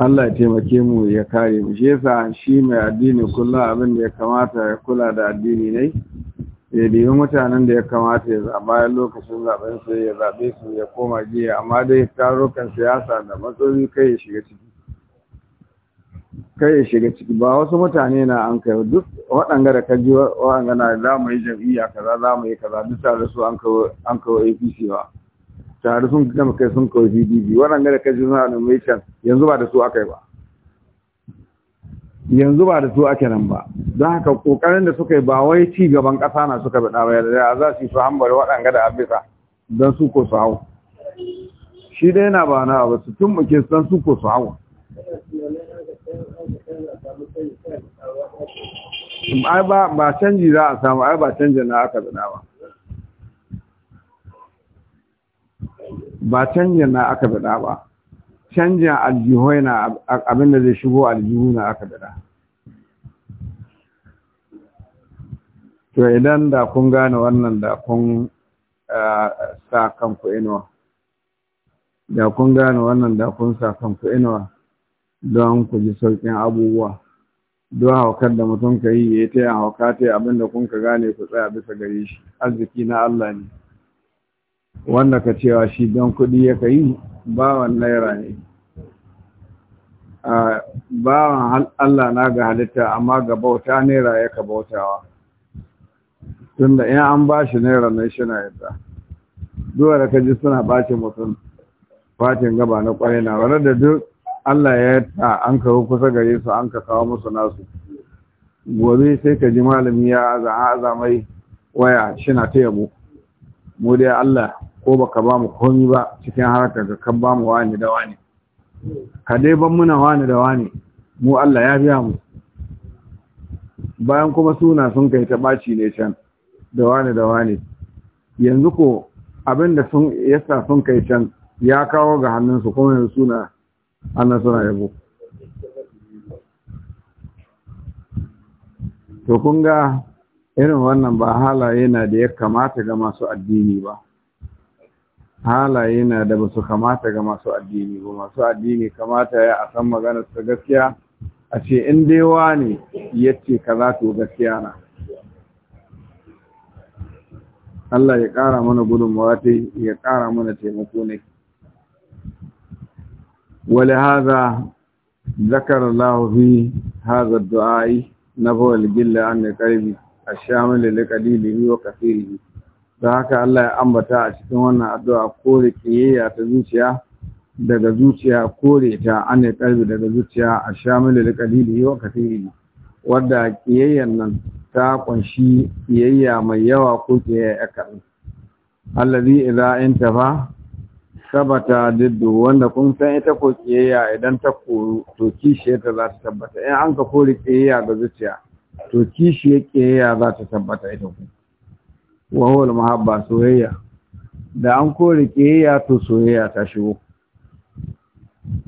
Allah ya taimake mu ya kare mu shi yasa shi mai addini kullum abin da ya kamata ya kula da addini ne ya dibi mutanen da ya kamata ya zaɓa ya lokacin zaɓen su ya zaɓe su ya koma jiya amma dai tarukan siyasa da matsaloli kai ya shiga ciki kai ya shiga ciki ba wasu mutane na an kai duk waɗanga da kaji waɗanga na za mu yi jam'iyya kaza za mu yi kaza duk tare su an kawo APC ba tare sun gama kai sun kawai bbb wannan gada kaji suna nomination yanzu ba da su aka yi ba yanzu ba da su ake nan ba don haka kokarin da suka yi ba wai ci gaban kasa na suka bada ba yadda za su yi su hambari waɗanga da abisa don su ko su hau shi dai yana ba na abu su tun muke don su ko su hau ba canji za a samu ai ba canji na aka bada ba ba canjin na aka bada ba canjin aljihoi na abin da zai shigo aljihu na aka bada to idan da kun gane wannan da kun eh, sa kanku inuwa da kun gane wannan da kun sa kanku inuwa don ku ji sauƙin abubuwa don haukar da mutum ka yi ya yi ta yin hauka ta abin da kun ka gane ku tsaya bisa gare shi arziki na Allah ne wanda ka cewa shi don kuɗi ya ka yi bawan naira ne bawan Allah na ga halitta amma ga bauta naira ya ka bautawa tunda in an ba shi naira na shi na yadda duwa da ka ji suna ɓace mutum fatin gaba na kwarai na wadda da duk Allah ya yadda an ka kusa gare su an ka kawo musu nasu gobe sai ka ji malami ya azamai waya shi na taya muku. mu dai Allah ko baka ba mu komi ba cikin harkar ka kan ba mu wani da wani ka dai ban muna wani da wani mu Allah ya biya mu bayan kuma suna sun kai ta ɓaci ne can da wani da wani yanzu ko abin da sun yasa sun kai can ya kawo ga hannun su kuma yanzu suna Allah suna yabo to kun ga irin wannan ba halaye na da ya kamata ga masu addini ba halaye na da basu kamata ga masu addini ba masu addini kamata ya a san maganar ta gaskiya a ce in dai ce yace kaza su gaskiya na Allah ya ƙara mana gudunmawa ta ya ƙara mana taimako ne. Wale haza zakar Allah fi haza du'ai na bawal gilla an da ƙarfi. ashamil liqalilihi wa kathirihi da haka Allah ya ambata a cikin wannan addu'a kore kiyayya ta zuciya daga zuciya kore ta an ya kalbi daga zuciya a shamil liqalilihi wa kathirihi wadda kiyayyan nan ta kunshi kiyayya mai yawa ko kiyayya kaɗan allazi idza intafa sabata diddu wanda kun san ita ko kiyayya idan ta koru to kishiyarta za ta tabbata in an ka kore kiyayya ga zuciya to kishi ya ƙiyayya za ta tabbata ita ku wahol mahabba soyayya da an kore ƙiyayya to soyayya ta shigo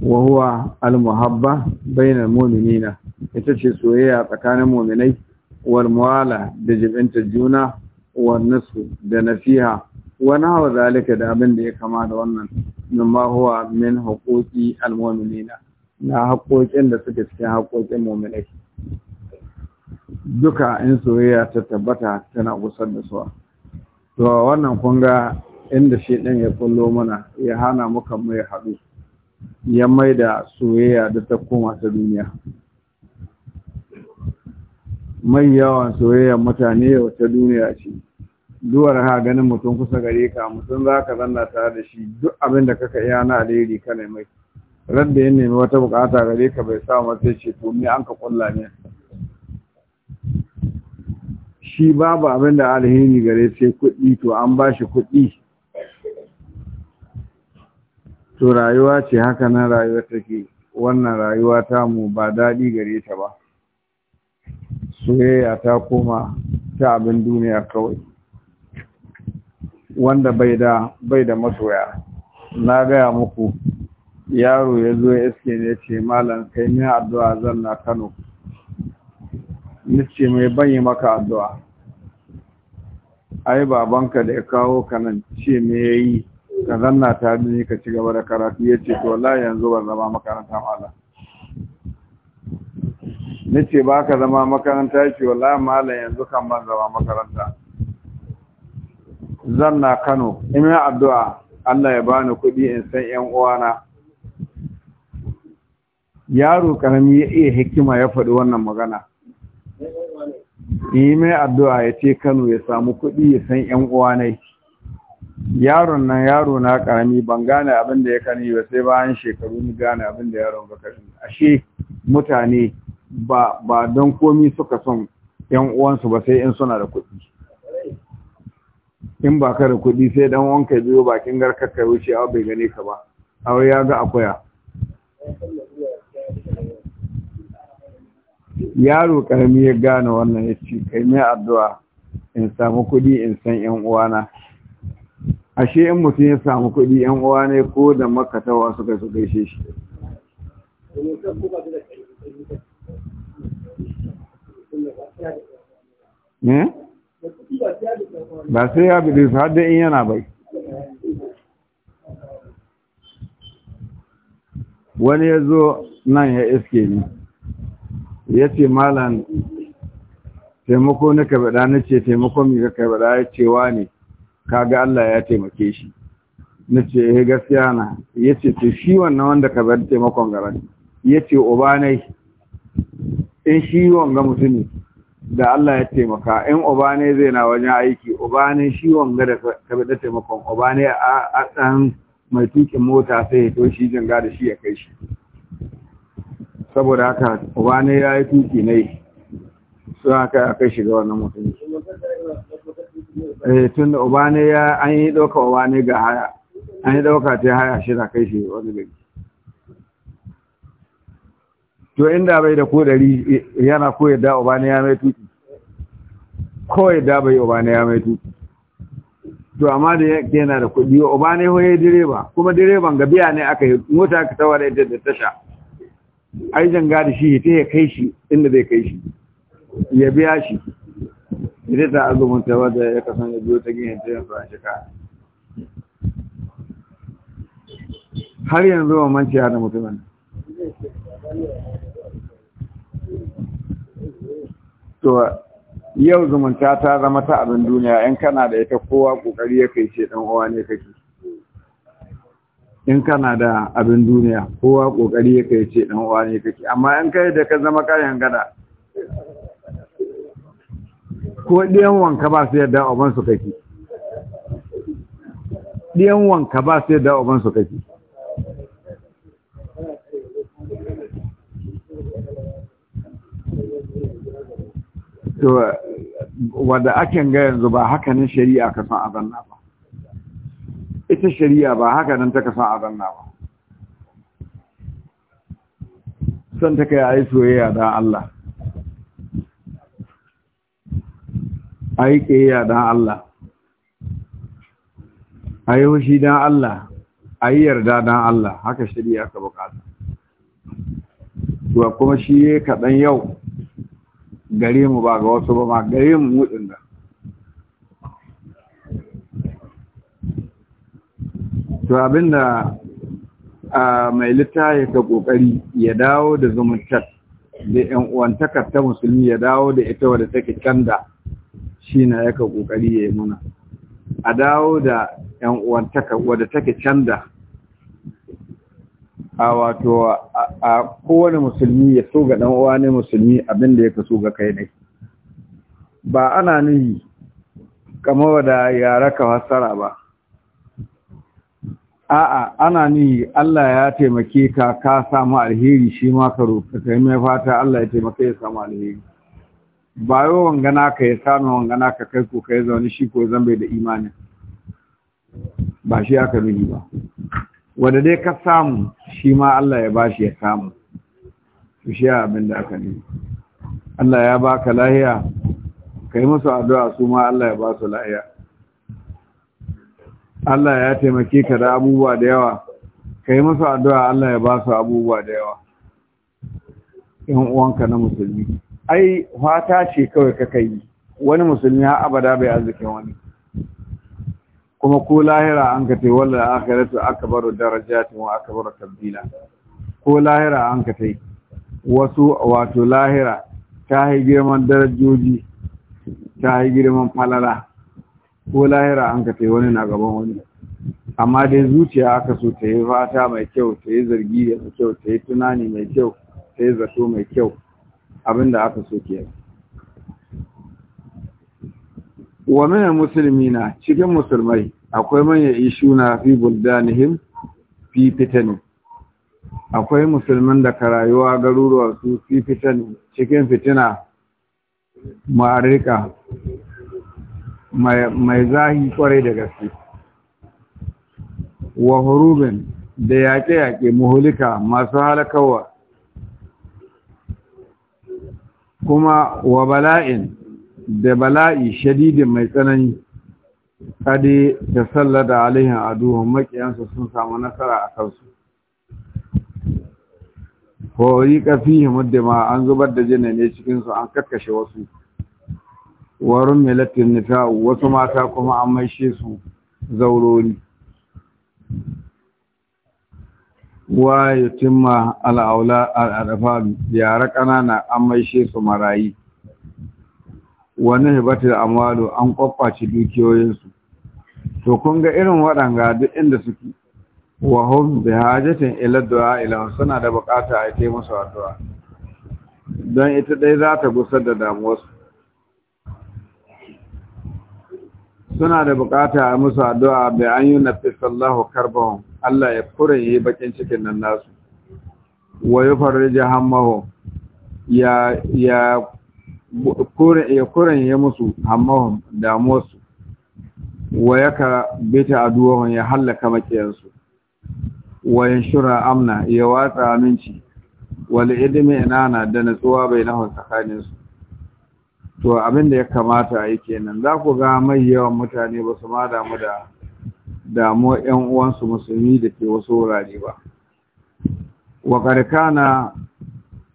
wahuwa almuhabba bainar muminina ita ce soyayya tsakanin muminai wal da jibinta juna wal da nasiha wani hawa zalika da abin da ya kama da wannan mimma huwa min haƙoƙi almominina, na haƙoƙin da suke cikin haƙoƙin muminai duka in soyayya ta tabbata tana gusar da suwa to wannan kun ga inda shi ɗin ya kullo mana ya hana muka mai haɗu ya mai da soyayya da ta koma ta duniya mai yawan soyayya mutane wata duniya ce duwar ha ganin mutum kusa gare ka mutum za ka zanna tare da shi duk abin da kaka iya na alheri ka mai radda ya nemi wata bukata gare ka bai sa mata ce to ni an ka kulla ne shi babu abin da alheri gare sai kuɗi to an ba shi kuɗi to rayuwa ce haka nan rayuwa take wannan rayuwa ta mu ba daɗi gare ta ba soyayya ta koma ta abin duniya kawai wanda bai da bai da masoya na gaya muku yaro ya zo ya ce ne ce malam kai ni addu'a zan na kano nace mai banye maka addu'a ai babanka da ya kawo ka nan ce me yayi ka zanna ta ni ka ci gaba da karatu ya ce to la yanzu ban zama makaranta mala ni ce ba ka zama makaranta ya ce la malam yanzu kan ban zama makaranta zanna Kano imin addu'a Allah ya bani kuɗi in san ƴan uwana yaro karami ya iya hikima ya faɗi wannan magana yi mai addu'a ya ce Kano ya samu kuɗi ya san ‘yan uwanai. Yaron nan yaro na ƙarami ban gane abin da ya kani ba sai bayan shekaru ni gane abin da yaron ba kani. Ashe mutane ba, ba don komi suka son ‘yan uwansu ba sai in suna da kuɗi. In ba ka da kuɗi sai dan wanka biyo bakin garkar ka wuce bai gane ka ba, awa ya ga akwaya. yaro karami ya gane wannan ya ce kai mai addu'a in samu kuɗi in san ‘yan uwana ashe in mutum ya samu kuɗi ‘yan uwana ko da makatawa suka su gaishe shi ba sai ya bude su hadda in yana bai wani ya zo nan ya iske ni ya ce malam taimako na kabaɗa na ce taimako mai ga kabaɗa ya ce wa ne kaga Allah ya taimake shi na ce ya eh, gaskiya na ya ce ce shi wannan wanda kabaɗa taimakon garan ya ce obanai in shi wanga mutumi da Allah ya taimaka in obanai zai na wajen aiki obanai shi wanga da kabaɗa taimakon obanai a ɗan mai tukin mota sai ya toshi shi janga da shi ya kai shi saboda haka wani ya yi tuki ne su haka a kai shiga wannan mutum eh tun da uba ya an yi ɗauka uba ga haya an yi ɗauka ta haya shi na kai shi wani gari to inda bai da kodari yana ko yadda uba ya mai tuki ko yadda bai uba ya mai tuki to amma da yake yana da kudi uba ne hoye direba kuma direban ga biya ne aka yi mota ka tawara ita da tasha ai janga da shi ta ya kai shi inda zai kai shi ya biya shi ita ta azumin ta wadda ya kasan ya biyo ta gina ta yin a shekara har yanzu ba manciya da mutumin to yau zumunta ta zama ta abin duniya in kana da ita kowa kokari ya kai ce dan uwa ne kake in kana da abin duniya kowa kokari yake ya ce dan ne kake amma in kai da ka zama kayan gada ko ɗiyan wanka ba su yadda uban su kake ɗiyan wanka ba su yadda uban su kake to wanda ake ga yanzu ba haka ne shari'a ka san azanna ita shari'a ba haka nan ta kasa a zanna ba son ta kai a yi soyayya da Allah a yi ƙiyayya da Allah a yi hushi da Allah a yi yarda da Allah haka shari'a ka bukata Wa kuma shi kaɗan yau gare mu ba ga wasu ba ma gare mu mutun to abinda a mai littafi ka kokari ya dawo da zumunta da yan uwantakar ta musulmi ya dawo da ita wadda take canda shi na yaka kokari ya yi muna a dawo da yan uwantakar wadda take canda a wato a kowane musulmi ya so ga dan uwa ne musulmi abin da ka so ga kai ne ba ana nuhi kamar da yara ka fassara ba a'a ana ni Allah ya taimake ka ka samu alheri shi ma ka roƙa kai mai fata Allah ya taimake ya samu alheri ba yau wangana ka ya samu wangana ka kai ko kai zaune shi ko zan bai da imanin ba shi aka nuni ba wanda dai ka samu shi ma Allah ya bashi ya samu to shi abin da aka nuni Allah ya baka lahiya kai musu addu'a su ma Allah ya ba su lahiya Allah ya taimake ka da abubuwa da yawa ka yi masa addu'a Allah ya ba su abubuwa da yawa ‘yan uwanka na musulmi ai fata ce kawai ka kai wani musulmi har abada bai arzikin wani kuma ko lahira an ka tai wallan akhiratu akbaru darajatin wa akbaru tabdila ko lahira an ka tai wasu wato lahira ta yi girman darajoji ta yi girman falala ko lahira an ka wani na gaban wani amma dai zuciya aka so ta yi fata mai kyau ta yi zargi da mai kyau ta yi tunani mai kyau ta yi zato mai kyau abin da aka so ke wa mina musulmi na cikin musulmai akwai manya ishu na fi buldanihim fi fitani akwai Musulmin da ka rayuwa garuruwa su fi fitani cikin fitina ma'arika mai zahi kwarai da gaske wa hurubin da yaƙe-yaƙe muhulika masu halakawa kuma wa bala'in da bala'i shadidin mai tsanani kadi da sallar da alihin aduhun makiyansu sun samu nasara a kansu hori ƙafi himmar da ma an zubar da jina ne cikinsu an karkashe wasu warin milatin nita wasu mata kuma an maishe su zauroni wa ya timma al'aula al'adafa yara ƙanana an maishe su marayi wani hibatar amalu an kwakwace dukiyoyinsu to kun ga irin waɗanga duk inda suke wa hum bi hajatin ila du'a ila suna da bukata a yi musu addu'a don ita dai za ta gusar da damuwarsu suna da bukata a musu addu'a bai an yi na fisallahu karbahun Allah ya kura yi bakin cikin nan nasu wa yi farrija hammahu ya ya yi musu da damuwarsu wa ya ka bita aduwahun ya hallaka makiyarsu wa ya shura amna ya watsa aminci wal ina na da natsuwa bai nahun tsakaninsu to abin da ya kamata a yi kenan za ku ga mai yawan mutane ba su ma damu da damuwar 'yan uwansu musulmi da ke wasu wurare ba wa karkana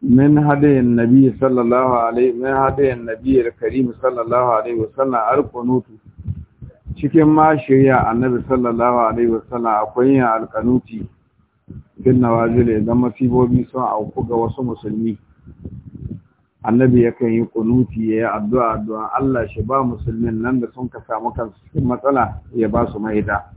min hadayin nabi sallallahu alaihi min hadayin nabi karim sallallahu alaihi wasallam alqunutu cikin ma shirya annabi sallallahu alaihi wasallam akwai yin alqanuti bin nawazil idan masibobi sun auku ga wasu musulmi annabi yakan yi kunuti ya yi addu'a addu'a Allah shi ba musulmin nan da sun ka samu kansu cikin matsala ya ba su maida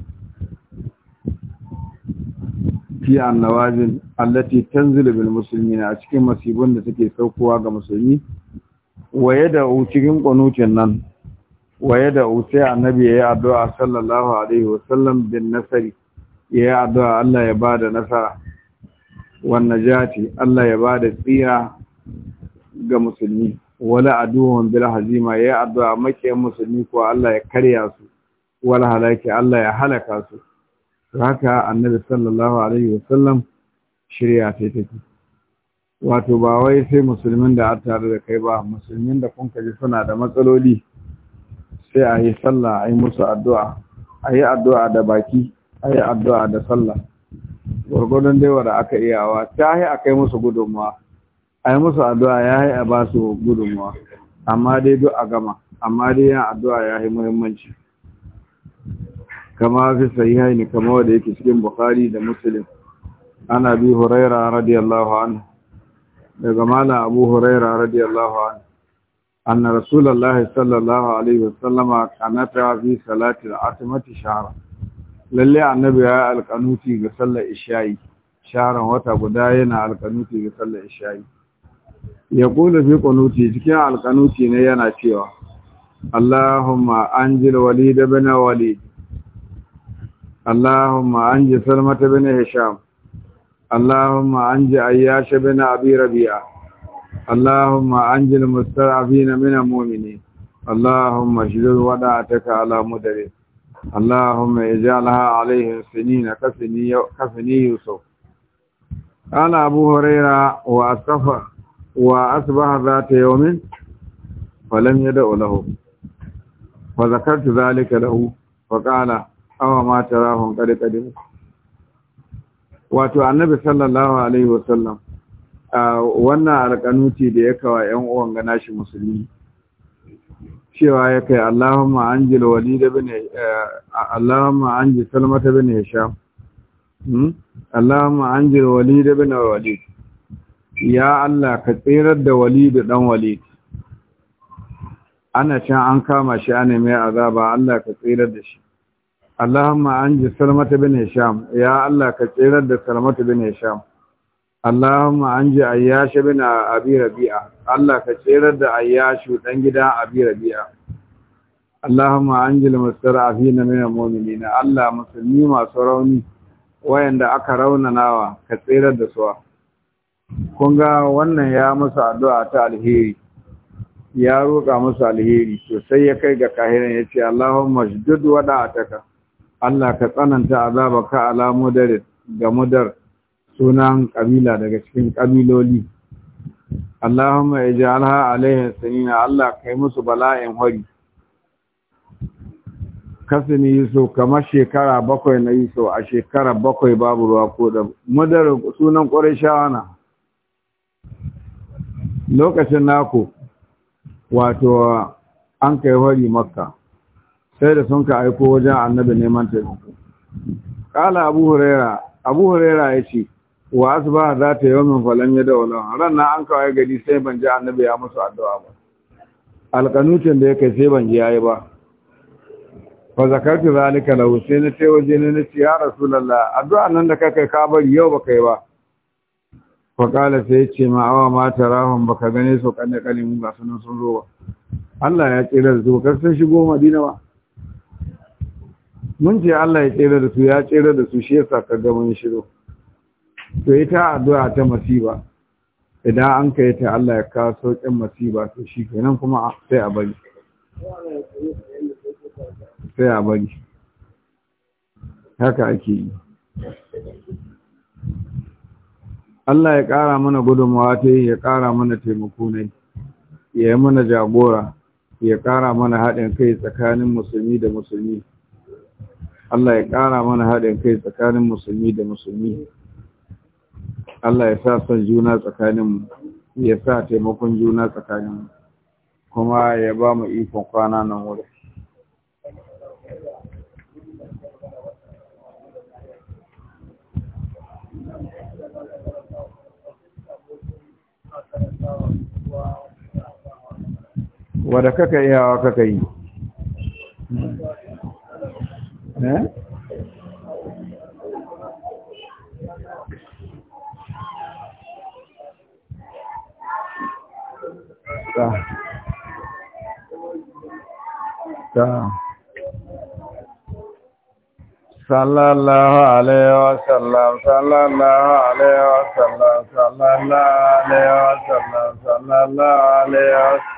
fi annawazin allati tanzilu bil muslimina a cikin masibin da take saukowa ga musulmi waye da cikin kunutin nan waye da sai annabi ya yi addu'a sallallahu alaihi wasallam bin nasari ya yi addu'a Allah ya ba da nasara wannan jati Allah ya ba da tsira ga musulmi wala aduwan bil hazima yayi addu'a makiyan musulmi ko Allah ya karya su wala halaki Allah ya halaka su haka annabi sallallahu alaihi wasallam shirya ta take wato ba wai sai musulmin da an tare da kai ba musulmin da kun kaji suna da matsaloli sai a yi sallah a yi musu addu'a a yi addu'a da baki a yi addu'a da sallah gwargwadon dai wanda aka iyawa ta yi a kai musu gudunmawa a yi musu addu'a ya yi a ba su gudunmuwa amma dai duk a gama amma dai yin addu'a ya yi muhimmanci kama fi sayi haini kama wadda yake cikin bukhari da musulun ana bi huraira radiyallahu anhu daga mala abu huraira radiyallahu anhu أن رسول الله صلى الله عليه وسلم كانت في صلاة العتمة شهرا للي النبي القنوتي ishayi. الشاي شهرا guda yana ينا القنوتي sallar ishayi. ya kula fi ƙunuti cikin alƙanuti ne yana cewa Allahumma anjil walid ibn walid Allahumma anji salmata ibn hisham Allahumma anji ayyash ibn abi rabi'a Allahumma anjil musta'afina min al-mu'minin Allahumma shidul wada'ataka ala mudaris اللهم اجعلها عليهم سنين كفني كفني يوسف قال أبو wa وأستغفر wa asbaha zata yawmin falam yad'u lahu fa zakartu zalika lahu fa qala awa ma tarahum qad qadim wato annabi sallallahu alaihi wasallam wannan alƙanuti da ya kawo ƴan uwan ga nashi musulmi cewa ya kai Allahumma anjil walid ibn Allahumma anjil salmata ibn hisham Allahumma anjil walid ibn walid ya Allah ka tserar da walidu dan walid ana can an kama shi ana mai azaba Allah ka tserar da shi Allahumma anji salmata bin hisham ya Allah ka tserar da salmata bin hisham Allahumma anji Ayyash bin abi rabi'a Allah ka tserar da Ayyash dan gida abi rabi'a Allahumma anjil mustada'afina min al-mu'minina Allah musulmi masu rauni wayanda aka raunanawa ka tserar da su kun ga wannan ya masa addu'a ta alheri ya roƙa masa alheri Sosai sai ya kai ga kahiran ya ce Allahumma shdud ataka. Allah ka tsananta ka ala mudar ga mudar sunan kabila daga cikin kabiloli Allahumma ij'alha alaihim sanina Allah kai musu bala'in hari kasani Yusuf kamar shekara bakwai na Yusuf a shekara bakwai babu ruwa ko da mudar sunan Qurayshawa na lokacin naku wato an kai hori makka sai da sun ka aiko wajen annabi neman taimako kala abu huraira abu huraira ya ce wa asba za ta yi min falon ya daula na an kawai gari sai ban ji annabi ya musu addu'a ba alƙanutin da ya kai sai ban ji yi ba fa zakartu zalika lahu sai na ce waje ne na ce ya rasulallah addu'a nan da kai ka bari yau ba kai ba faƙala sai ce ma awa ma ba baka gane su kanne kalimu ga sunan sun zo ba Allah ya tsira da su kar sun shigo Madina ba mun ce Allah ya tsira da su ya tsira da su shi yasa ka ga mun shiro to ita addu'a ta masiba idan an kai ta Allah ya kawo sauƙin masiba to shi kenan kuma sai a bari sai a bari haka ake yi Allah ya ƙara mana gudunmawa ta ya ƙara mana taimako ne ya yi mana jagora ya ƙara mana haɗin kai tsakanin musulmi da musulmi Allah ya ƙara mana haɗin kai tsakanin musulmi da musulmi Allah ya sa son juna tsakaninmu ya sa taimakon juna tsakaninmu kuma ya ba mu ikon kwana nan wuri wadda kaka iyawa kaka yi eh? ta ta sallallahu alaihi wa wasallam sallallahu alaihi wasallam sallallahu alaihi wasallam sallallahu alaihi wasallam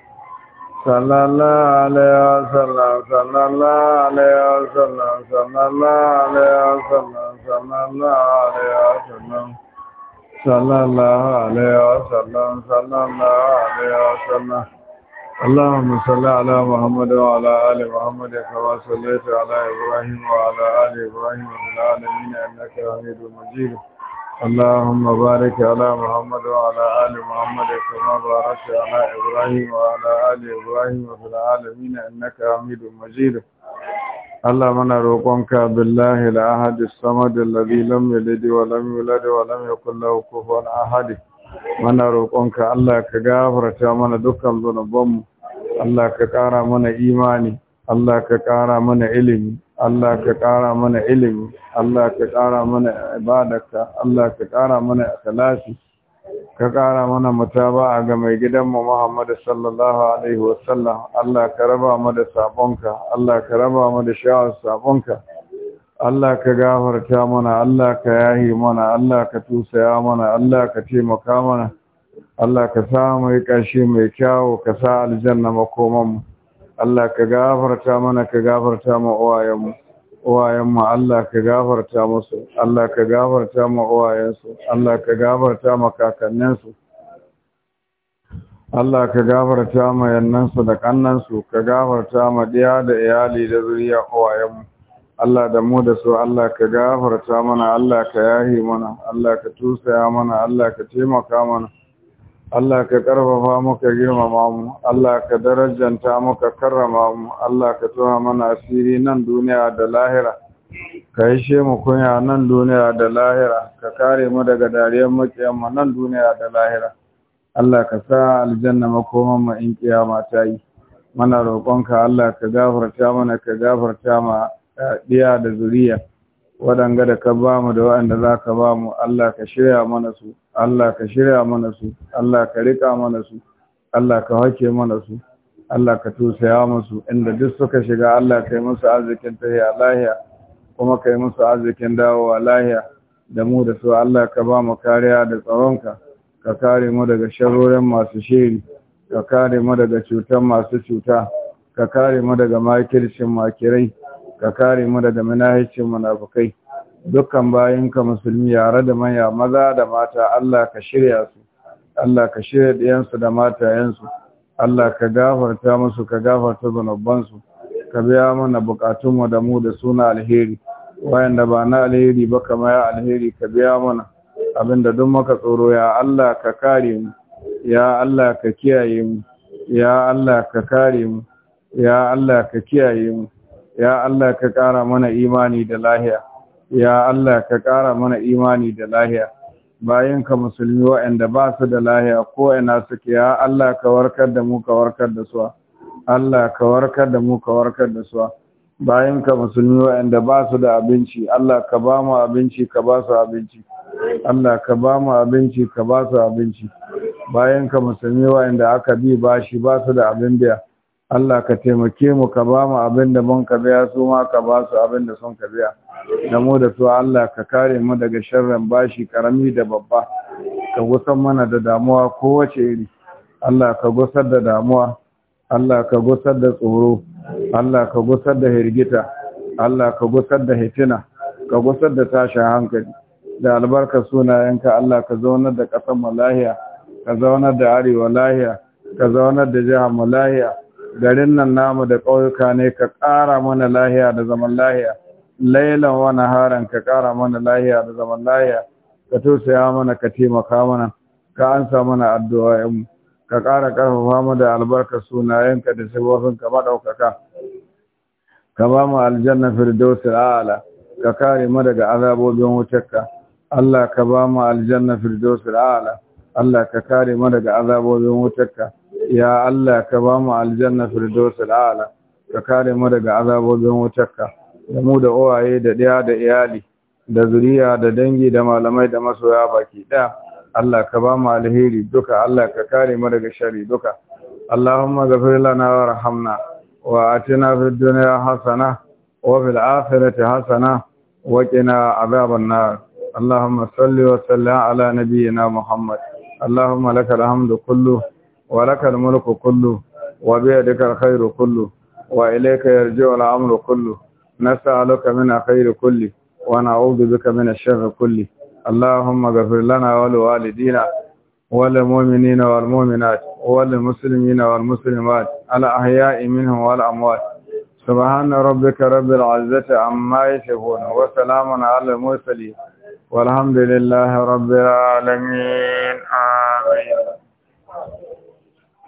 သလလာလေသလသလလာလေသလသလလာလေသလသလလာလေသလသလလာလေသလသလလာလေသလ اللهم صل على محمد وعلى ال محمد كما صليت على ابراهيم وعلى ال ابراهيم في العالمين انك حميد مجيد اللهم بارك على محمد وعلى آل محمد كما باركت على إبراهيم وعلى آل إبراهيم في العالمين إنك حميد مجيد اللهم نروقك بالله الأحد الصمد الذي لم يلد ولم يولد ولم يكن له كفوا أحد ونروقك الله كغفرت من دكان ذنوبنا الله كقارا من إيماني الله كقارا من علمي الله كقارا من علمي Allah ka ƙara mana ibadarka Allah ka ƙara mana ikhlasi ka ƙara mana mutaba'a ga mai gidanmu Muhammadu sallallahu alaihi wasallam Allah ka raba mu da sabonka Allah ka raba mu da sha'ar sabonka Allah ka gafarta mana Allah ka yahi mana Allah ka tusaya mana Allah ka taimaka mana Allah ka sa mai ƙashi mai kyau, ka sa aljanna makomanmu Allah ka gafarta mana ka gafarta mu uwayenmu uwayenmu Allah ka gafarta musu Allah ka gafarta ma uwayensu Allah ka gafarta ma kakanninsu Allah ka gafarta ma yannansu da su ka gafarta ma diya da iyali da zuriya uwayenmu Allah da mu da su Allah ka gafarta mana Allah ka yahi mana Allah ka tusaya mana Allah ka taimaka mana Allah ka karfafa muka girmama mu Allah ka darajanta muka karrama mu Allah ka tuna mana asiri nan duniya da lahira ka yishe mu kunya nan duniya da lahira ka kare mu daga dariyar makiyan mu nan duniya da lahira Allah ka sa aljanna makoman mu in kiyama ta yi mana roƙonka Allah ka gafarta mana ka gafarta ma diya eh, da zuriya waɗanga da ka ba mu da waɗanda za ka ba mu Allah ka shirya mana su Allah ka shirya mana su Allah ka riƙa mana su Allah ka hake mana su Allah ka tusaya musu inda duk suka shiga Allah ka yi musu arzikin tahiya lahiya kuma ka yi musu arzikin dawowa lahiya da mu da su Allah ka ba mu kariya da tsaronka ka kare mu daga sharorin masu shiri ka kare mu daga cutar masu cuta ka kare mu daga makircin makirai ka kare mu daga manahicin munafukai dukkan bayinka musulmi yare da manya maza da mata Allah ka shirya su Allah ka shirya ɗiyansu da mata 'yansu. Allah ka gafarta musu ka gafarta zunubansu ka biya mana bukatunmu da mu da suna alheri wayanda ba na alheri ba kama ya alheri ka biya mana abinda duk maka tsoro ya Allah ka kare mu ya Allah ka kiyaye mu ya Allah ka kare mu ya Allah ka kiyaye mu ya Allah ka ƙara mana imani da lahiya ya Allah ka ƙara mana imani da lahiya bayan ka musulmi waɗanda ba su da lahiya ko ina suke ya Allah ka warkar da mu ka warkar da su Allah ka warkar da mu ka warkar da su bayan ka musulmi waɗanda ba su da abinci Allah ka ba mu abinci ka ba su abinci Allah ka ba mu abinci ka ba su abinci bayan ka musulmi waɗanda aka bi bashi ba su da abin biya Allah ka taimake mu ka ba mu abin da mun ka biya su ma ka ba su abin da sun ka biya da mu da su Allah ka kare mu daga sharrin bashi karami da babba ka gusar mana da damuwa kowace iri Allah ka gusar da damuwa Allah ka gusar da tsoro Allah ka gusar da hirgita Allah ka gusar da hitina ka gusar da tashin hankali da albarka sunayenka Allah ka zaunar da ƙasar mu lahiya ka zaunar da arewa lahiya ka zaunar da jihar mu lahiya garin nan namu da ƙauyuka ne ka ƙara mana lahiya da zaman lahiya lailan wa naharan ka ƙara mana lahiya da zaman lahiya ka tausaya mana ka taimaka mana ka ansa mana addu'o'in ka ƙara ƙarfafa mu da albarka sunayenka da ka maɗaukaka ka ba mu aljanna firdausi a'la ka kare mu daga azabobin wutarka Allah ka ba mu aljanna firdausi a'la Allah ka kare mu daga azabobin wutarka ya Allah ka ba mu aljanna firdausul a'la ka kare mu daga azabobin wutarka da mu da uwaye da ɗaya da iyali da zuriya da dangi da malamai da masoya baki ɗaya Allah ka ba mu alheri duka Allah ka kare mu daga shari duka Allahumma ghafir lana warhamna wa atina fid dunya hasana wa fil akhirati hasana wa qina adhaban nar Allahumma salli wa sallim ala nabiyyina Muhammad Allahumma lakal hamdu kullu ولك الملك كله وبيدك الخير كله وإليك يرجع الأمر كله نسألك من خير كله ونعوذ بك من الشر كله اللهم اغفر لنا ولوالدينا وللمؤمنين والمؤمنات وللمسلمين والمسلمات الأحياء منهم والأموات سبحان ربك رب العزة عما يشفون وسلام على المرسلين والحمد لله رب العالمين آمين